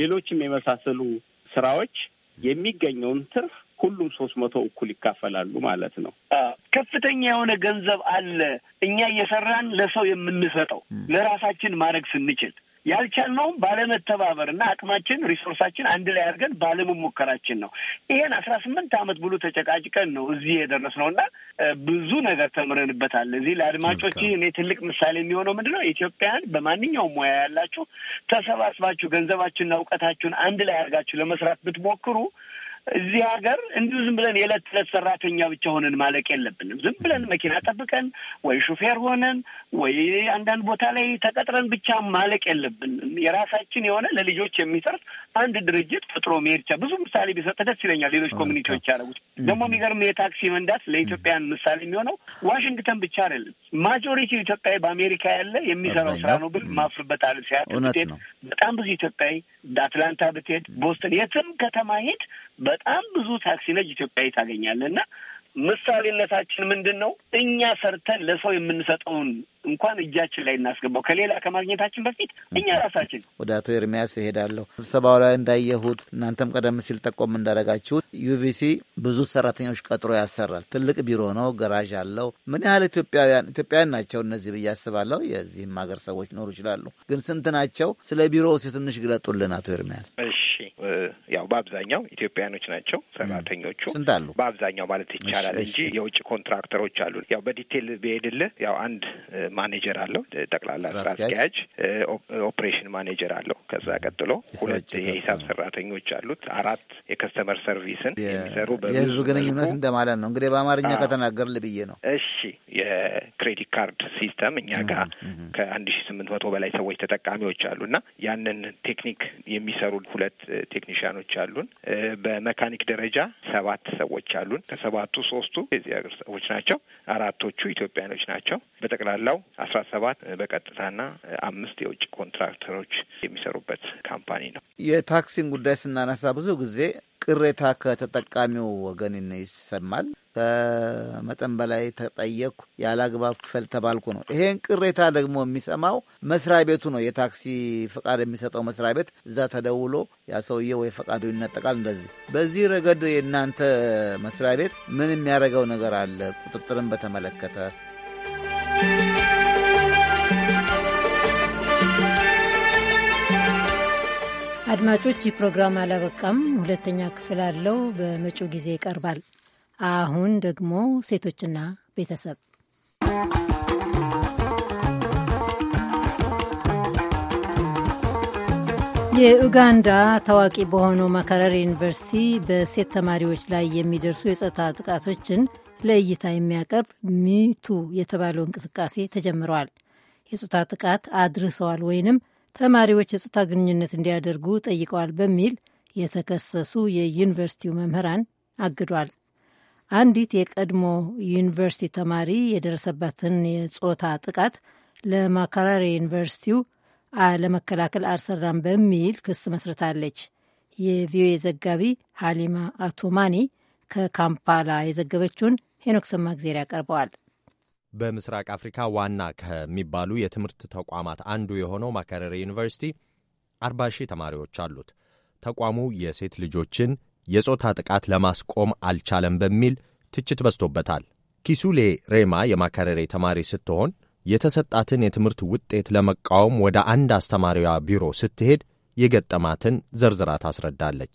ሌሎችም የመሳሰሉ ስራዎች የሚገኘውን ትርፍ ሁሉም ሶስት መቶ እኩል ይካፈላሉ ማለት ነው። ከፍተኛ የሆነ ገንዘብ አለ እኛ እየሰራን ለሰው የምንሰጠው ለራሳችን ማድረግ ስንችል ያልቻልነውም ባለመተባበር እና አቅማችን ሪሶርሳችን አንድ ላይ አድርገን ባለመሞከራችን ነው። ይሄን አስራ ስምንት ዓመት ብሎ ተጨቃጭቀን ነው እዚህ የደረስነው እና ብዙ ነገር ተምረንበታል። እዚህ ለአድማጮች እኔ ትልቅ ምሳሌ የሚሆነው ምንድን ነው ኢትዮጵያን በማንኛውም ሙያ ያላችሁ ተሰባስባችሁ ገንዘባችሁንና እውቀታችሁን አንድ ላይ አድርጋችሁ ለመስራት ብትሞክሩ እዚህ ሀገር እንዲሁ ዝም ብለን የዕለት ዕለት ሰራተኛ ብቻ ሆነን ማለቅ የለብንም። ዝም ብለን መኪና ጠብቀን ወይ ሹፌር ሆነን ወይ አንዳንድ ቦታ ላይ ተቀጥረን ብቻ ማለቅ የለብንም። የራሳችን የሆነ ለልጆች የሚሰርት አንድ ድርጅት ፈጥሮ መሄድ ብዙ ምሳሌ ቢሰጥ ደስ ይለኛል። ሌሎች ኮሚኒቲዎች ያደረጉት ደግሞ የሚገርም የታክሲ መንዳት ለኢትዮጵያን ምሳሌ የሚሆነው ዋሽንግተን ብቻ አይደለም። ማጆሪቲ ኢትዮጵያዊ በአሜሪካ ያለ የሚሰራው ስራ ነው ብል ማፍርበት አለ። ሲያት ብትሄድ በጣም ብዙ ኢትዮጵያዊ አትላንታ ብትሄድ ቦስተን፣ የትም ከተማ ሄድ። በጣም ብዙ ታክሲ ነጅ ኢትዮጵያዊ ታገኛለህ እና ምሳሌነታችን ምንድን ነው? እኛ ሰርተን ለሰው የምንሰጠውን እንኳን እጃችን ላይ እናስገባው ከሌላ ከማግኘታችን በፊት እኛ ራሳችን። ወደ አቶ ኤርሚያስ ይሄዳለሁ። ስብሰባው ላይ እንዳየሁት እናንተም ቀደም ሲል ጠቆም እንዳደረጋችሁት ዩቪሲ ብዙ ሰራተኞች ቀጥሮ ያሰራል። ትልቅ ቢሮ ነው፣ ገራዥ አለው። ምን ያህል ኢትዮጵያውያን ኢትዮጵያውያን ናቸው እነዚህ ብዬ አስባለሁ። የዚህም ሀገር ሰዎች ኖሩ ይችላሉ፣ ግን ስንት ናቸው? ስለ ቢሮ እስኪ ትንሽ ግለጡልን አቶ ኤርሚያስ። እሺ ያው በአብዛኛው ኢትዮጵያኖች ናቸው ሰራተኞቹ። አሉ በአብዛኛው ማለት ይቻላል እንጂ የውጭ ኮንትራክተሮች አሉ። ያው በዲቴል ብሄድልህ ያው አንድ ማኔጀር አለው ጠቅላላ ስራ አስኪያጅ፣ ኦፕሬሽን ማኔጀር አለው። ከዛ ቀጥሎ ሁለት የሂሳብ ሰራተኞች አሉት፣ አራት የከስተመር ሰርቪስን የሚሰሩ የህዝብ ግንኙነት እንደማለት ነው እንግዲህ በአማርኛ ከተናገር ልብዬ ነው። እሺ የክሬዲት ካርድ ሲስተም እኛ ጋር ከአንድ ሺ ስምንት መቶ በላይ ሰዎች ተጠቃሚዎች አሉ እና ያንን ቴክኒክ የሚሰሩ ሁለት ቴክኒሽያኖች አሉን። በመካኒክ ደረጃ ሰባት ሰዎች አሉን። ከሰባቱ ሶስቱ የዚህ ሀገር ሰዎች ናቸው። አራቶቹ ኢትዮጵያኖች ናቸው። በጠቅላላው አስራ ሰባት በቀጥታና አምስት የውጭ ኮንትራክተሮች የሚሰሩበት ካምፓኒ ነው። የታክሲን ጉዳይ ስናነሳ ብዙ ጊዜ ቅሬታ ከተጠቃሚው ወገን ይሰማል። ከመጠን በላይ ተጠየቅኩ፣ ያለአግባብ ክፈል ተባልኩ ነው። ይሄን ቅሬታ ደግሞ የሚሰማው መስሪያ ቤቱ ነው። የታክሲ ፍቃድ የሚሰጠው መስሪያ ቤት እዛ ተደውሎ ያ ሰውዬ ወይ ፈቃዱ ይነጠቃል። እንደዚህ በዚህ ረገድ የእናንተ መስሪያ ቤት ምን የሚያደርገው ነገር አለ? ቁጥጥርን በተመለከተ አድማጮች፣ ይህ ፕሮግራም አላበቃም። ሁለተኛ ክፍል አለው። በመጪው ጊዜ ይቀርባል። አሁን ደግሞ ሴቶችና ቤተሰብ የኡጋንዳ ታዋቂ በሆነው መከረር ዩኒቨርሲቲ በሴት ተማሪዎች ላይ የሚደርሱ የጾታ ጥቃቶችን ለእይታ የሚያቀርብ ሚቱ የተባለው እንቅስቃሴ ተጀምረዋል። የጾታ ጥቃት አድርሰዋል ወይንም ተማሪዎች የጾታ ግንኙነት እንዲያደርጉ ጠይቀዋል በሚል የተከሰሱ የዩኒቨርሲቲው መምህራን አግዷል። አንዲት የቀድሞ ዩኒቨርሲቲ ተማሪ የደረሰባትን የጾታ ጥቃት ለማከራሪ ዩኒቨርሲቲው ለመከላከል አልሰራም በሚል ክስ መስርታለች። የቪኦኤ ዘጋቢ ሃሊማ አቱማኒ ከካምፓላ የዘገበችውን ሄኖክ ሰማግዜር ያቀርበዋል። በምስራቅ አፍሪካ ዋና ከሚባሉ የትምህርት ተቋማት አንዱ የሆነው ማከረሬ ዩኒቨርሲቲ አርባ ሺህ ተማሪዎች አሉት። ተቋሙ የሴት ልጆችን የጾታ ጥቃት ለማስቆም አልቻለም በሚል ትችት በዝቶበታል። ኪሱሌ ሬማ የማካረሬ ተማሪ ስትሆን የተሰጣትን የትምህርት ውጤት ለመቃወም ወደ አንድ አስተማሪዋ ቢሮ ስትሄድ የገጠማትን ዘርዝራ ታስረዳለች።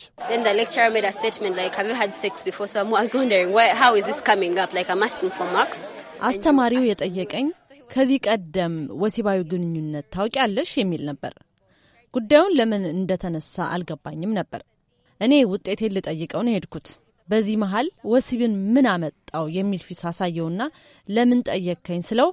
አስተማሪው የጠየቀኝ ከዚህ ቀደም ወሲባዊ ግንኙነት ታውቂያለሽ የሚል ነበር። ጉዳዩን ለምን እንደተነሳ አልገባኝም ነበር። እኔ ውጤቴን ልጠይቀው ነው የሄድኩት። በዚህ መሀል ወሲብን ምን አመጣው የሚል ፊት አሳየውና ለምን ጠየከኝ ስለው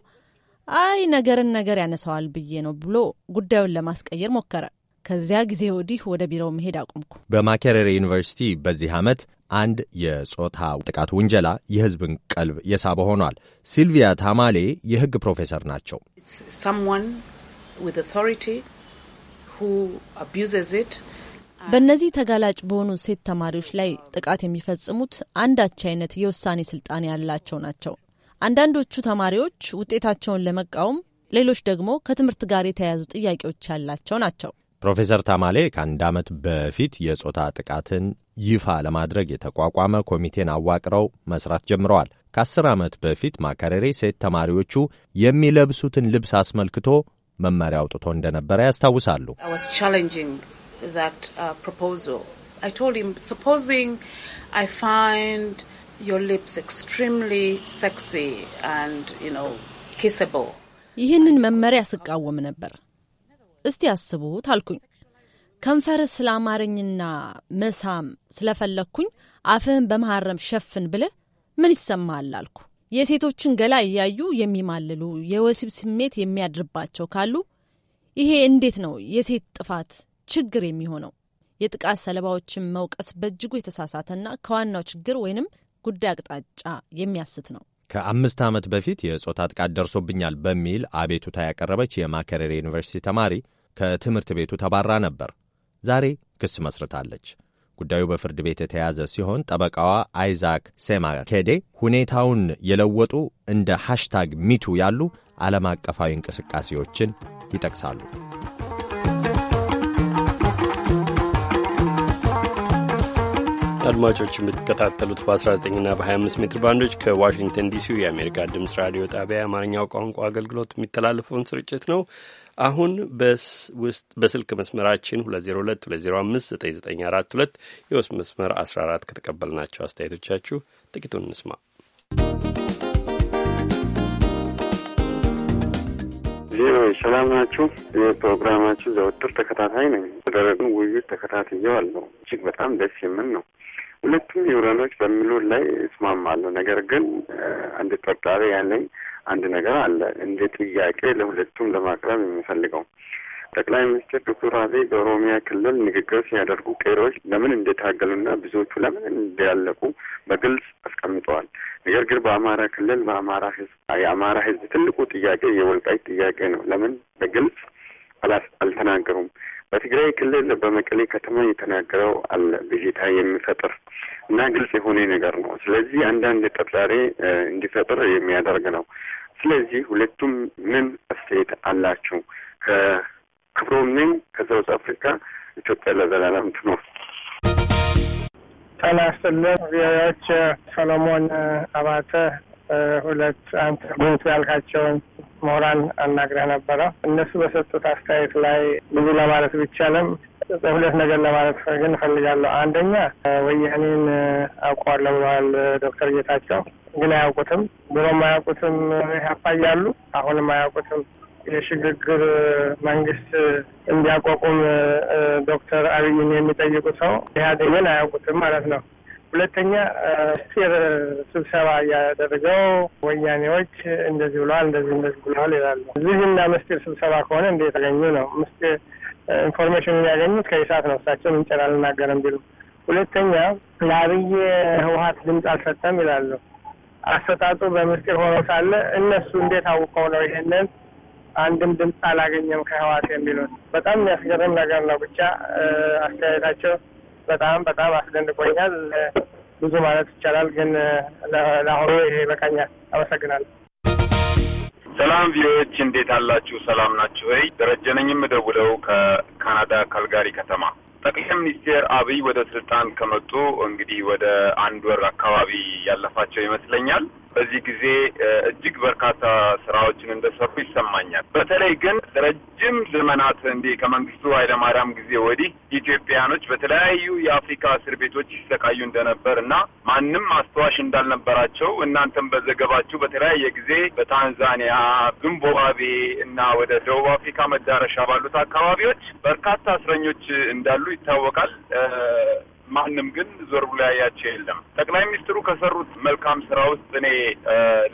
አይ ነገርን ነገር ያነሳዋል ብዬ ነው ብሎ ጉዳዩን ለማስቀየር ሞከረ። ከዚያ ጊዜ ወዲህ ወደ ቢሮው መሄድ አቁምኩ በማkerere ዩኒቨርሲቲ በዚህ ዓመት አንድ የጾታ ጥቃት ውንጀላ የሕዝብን ቀልብ የሳበ ሆኗል። ሲልቪያ ታማሌ የሕግ ፕሮፌሰር ናቸው። ሁ በእነዚህ ተጋላጭ በሆኑ ሴት ተማሪዎች ላይ ጥቃት የሚፈጽሙት አንዳች አይነት የውሳኔ ስልጣን ያላቸው ናቸው። አንዳንዶቹ ተማሪዎች ውጤታቸውን ለመቃወም፣ ሌሎች ደግሞ ከትምህርት ጋር የተያያዙ ጥያቄዎች ያላቸው ናቸው። ፕሮፌሰር ታማሌ ከአንድ ዓመት በፊት የጾታ ጥቃትን ይፋ ለማድረግ የተቋቋመ ኮሚቴን አዋቅረው መስራት ጀምረዋል። ከአስር ዓመት በፊት ማከሬሬ ሴት ተማሪዎቹ የሚለብሱትን ልብስ አስመልክቶ መመሪያ አውጥቶ እንደነበረ ያስታውሳሉ። that uh, proposal. I told him, supposing I find your lips extremely sexy and, you know, kissable. ይህንን መመሪያ ስቃወም ነበር። እስቲ አስቡት አልኩኝ። ከንፈር ስለ አማረኝና መሳም ስለፈለግኩኝ አፍህን በመሐረም ሸፍን ብለ ምን ይሰማሃል አልኩ። የሴቶችን ገላ እያዩ የሚማልሉ የወሲብ ስሜት የሚያድርባቸው ካሉ ይሄ እንዴት ነው የሴት ጥፋት ችግር የሚሆነው። የጥቃት ሰለባዎችን መውቀስ በእጅጉ የተሳሳተና ከዋናው ችግር ወይንም ጉዳይ አቅጣጫ የሚያስት ነው። ከአምስት ዓመት በፊት የጾታ ጥቃት ደርሶብኛል በሚል አቤቱታ ያቀረበች የማከሬሬ ዩኒቨርሲቲ ተማሪ ከትምህርት ቤቱ ተባራ ነበር። ዛሬ ክስ መስርታለች። ጉዳዩ በፍርድ ቤት የተያዘ ሲሆን ጠበቃዋ አይዛክ ሴማኬዴ ሁኔታውን የለወጡ እንደ ሃሽታግ ሚቱ ያሉ ዓለም አቀፋዊ እንቅስቃሴዎችን ይጠቅሳሉ። አድማጮች የምትከታተሉት በ19ና በ25 ሜትር ባንዶች ከዋሽንግተን ዲሲ የአሜሪካ ድምፅ ራዲዮ ጣቢያ የአማርኛው ቋንቋ አገልግሎት የሚተላለፈውን ስርጭት ነው። አሁን በስልክ መስመራችን 2022059942 የውስጥ መስመር 14 ከተቀበልናቸው አስተያየቶቻችሁ ጥቂቱን እንስማ። ቪኦኤ ሰላም ናችሁ? የፕሮግራማችሁ ዘወትር ተከታታይ ነኝ። ተደረጉ ውይይት ተከታትየዋለሁ። እጅግ በጣም ደስ የምን ነው ሁለቱም ዩረኖች በሚሉ ላይ እስማማለሁ። ነገር ግን አንድ ጠርጣሪ ያለኝ አንድ ነገር አለ እንደ ጥያቄ ለሁለቱም ለማቅረብ የሚፈልገው ጠቅላይ ሚኒስትር ዶክተር አብይ በኦሮሚያ ክልል ንግግር ሲያደርጉ ቄሮች ለምን እንደታገሉና ብዙዎቹ ለምን እንዲያለቁ በግልጽ አስቀምጠዋል። ነገር ግን በአማራ ክልል በአማራ ህዝብ የአማራ ህዝብ ትልቁ ጥያቄ የወልቃይት ጥያቄ ነው። ለምን በግልጽ አልተናገሩም? በትግራይ ክልል በመቀሌ ከተማ የተናገረው አለ ብዥታ የሚፈጥር እና ግልጽ የሆነ ነገር ነው። ስለዚህ አንዳንድ ጥርጣሬ እንዲፈጥር የሚያደርግ ነው። ስለዚህ ሁለቱም ምን አስተያየት አላችሁ? ከክብሮም ነኝ አፍሪካ። ኢትዮጵያ ለዘላለም ትኖር። ጤና ይስጥልኝ ቪኦኤዎች። ሰሎሞን አባተ ሁለት አንተ ጉንቱ ያልካቸውን ሞራል አናግረህ ነበረ። እነሱ በሰጡት አስተያየት ላይ ብዙ ለማለት ቢቻልም ሁለት ነገር ለማለት ግን እፈልጋለሁ። አንደኛ ወያኔን አውቀዋለሁ ብለዋል ዶክተር ጌታቸው ግን አያውቁትም። ድሮም አያውቁትም፣ ያፋያሉ አሁንም አያውቁትም። የሽግግር መንግስት እንዲያቋቁም ዶክተር አብይን የሚጠይቁ ሰው ኢህአዴግን አያውቁትም ማለት ነው። ሁለተኛ ስር ስብሰባ እያደረገው ወያኔዎች እንደዚህ ብለዋል፣ እንደዚህ እንደዚህ ብለዋል ይላሉ። እና ምስጢር ስብሰባ ከሆነ እንዴት ያገኙ ነው? ምስጢር ኢንፎርሜሽን የሚያገኙት ከኢሳት ነው። እሳቸው ምንጭር አልናገርም ቢሉ ሁለተኛ ለአብይ ህወሀት ድምፅ አልሰጠም ይላሉ። አሰጣጡ በምስጢር ሆኖ ሳለ እነሱ እንዴት አውቀው ነው ይሄንን አንድም ድምፅ አላገኘም ከህዋት የሚሉት? በጣም የሚያስገርም ነገር ነው። ብቻ አስተያየታቸው በጣም በጣም አስደንቆኛል። ብዙ ማለት ይቻላል፣ ግን ለአሁኑ ይሄ ይበቃኛል። አመሰግናለሁ። ሰላም ቪዎች እንዴት አላችሁ? ሰላም ናችሁ ወይ? ደረጀ ነኝ የምደውለው ከካናዳ ካልጋሪ ከተማ። ጠቅላይ ሚኒስትር አብይ ወደ ስልጣን ከመጡ እንግዲህ ወደ አንድ ወር አካባቢ ያለፋቸው ይመስለኛል። በዚህ ጊዜ እጅግ በርካታ ስራዎችን እንደሰሩ ይሰማኛል። በተለይ ግን ረጅም ዘመናት እንዲህ ከመንግስቱ ኃይለማርያም ጊዜ ወዲህ ኢትዮጵያኖች በተለያዩ የአፍሪካ እስር ቤቶች ይሰቃዩ እንደነበር እና ማንም አስተዋሽ እንዳልነበራቸው እናንተም በዘገባችሁ በተለያየ ጊዜ በታንዛኒያ፣ ዚምባብዌ እና ወደ ደቡብ አፍሪካ መዳረሻ ባሉት አካባቢዎች በርካታ እስረኞች እንዳሉ ይታወቃል። ማንም ግን ዞር ብሎ ያያቸው የለም። ጠቅላይ ሚኒስትሩ ከሰሩት መልካም ስራ ውስጥ እኔ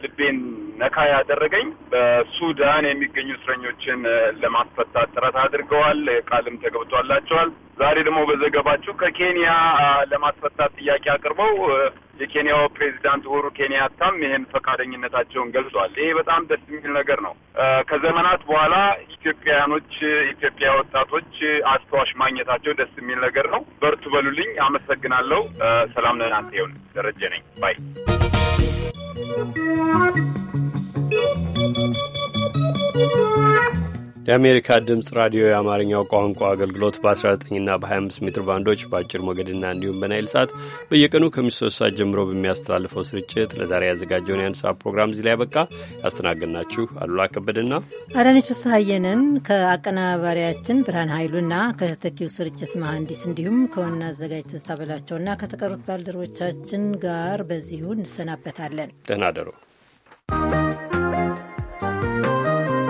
ልቤን ነካ ያደረገኝ በሱዳን የሚገኙ እስረኞችን ለማስፈታት ጥረት አድርገዋል። ቃልም ተገብቶላቸዋል። ዛሬ ደግሞ በዘገባችሁ ከኬንያ ለማስፈታት ጥያቄ አቅርበው የኬንያው ፕሬዚዳንት ኡሁሩ ኬንያታም ይህን ፈቃደኝነታቸውን ገልጿል። ይሄ በጣም ደስ የሚል ነገር ነው። ከዘመናት በኋላ ኢትዮጵያውያኖች፣ ኢትዮጵያ ወጣቶች አስተዋሽ ማግኘታቸው ደስ የሚል ነገር ነው። በርቱ በሉልኝ። አመሰግናለሁ። ሰላም ለእናንተ ይሁን። ደረጀ ነኝ ባይ Thank you. የአሜሪካ ድምፅ ራዲዮ የአማርኛው ቋንቋ አገልግሎት በ19ና በ25 ሜትር ባንዶች በአጭር ሞገድና እንዲሁም በናይል ሰዓት በየቀኑ ከምሽቱ ሶስት ሰዓት ጀምሮ በሚያስተላልፈው ስርጭት ለዛሬ ያዘጋጀውን የአንድ ፕሮግራም እዚህ ላይ ያበቃ። ያስተናገድናችሁ አሉላ ከበድና አዳነች ፍስሐየንን ከአቀናባሪያችን ብርሃን ኃይሉና ከተኪው ስርጭት መሐንዲስ እንዲሁም ከዋና አዘጋጅ ትዝታ በላቸውና ከተቀሩት ባልደረቦቻችን ጋር በዚሁ እንሰናበታለን። ደህና ደሩ።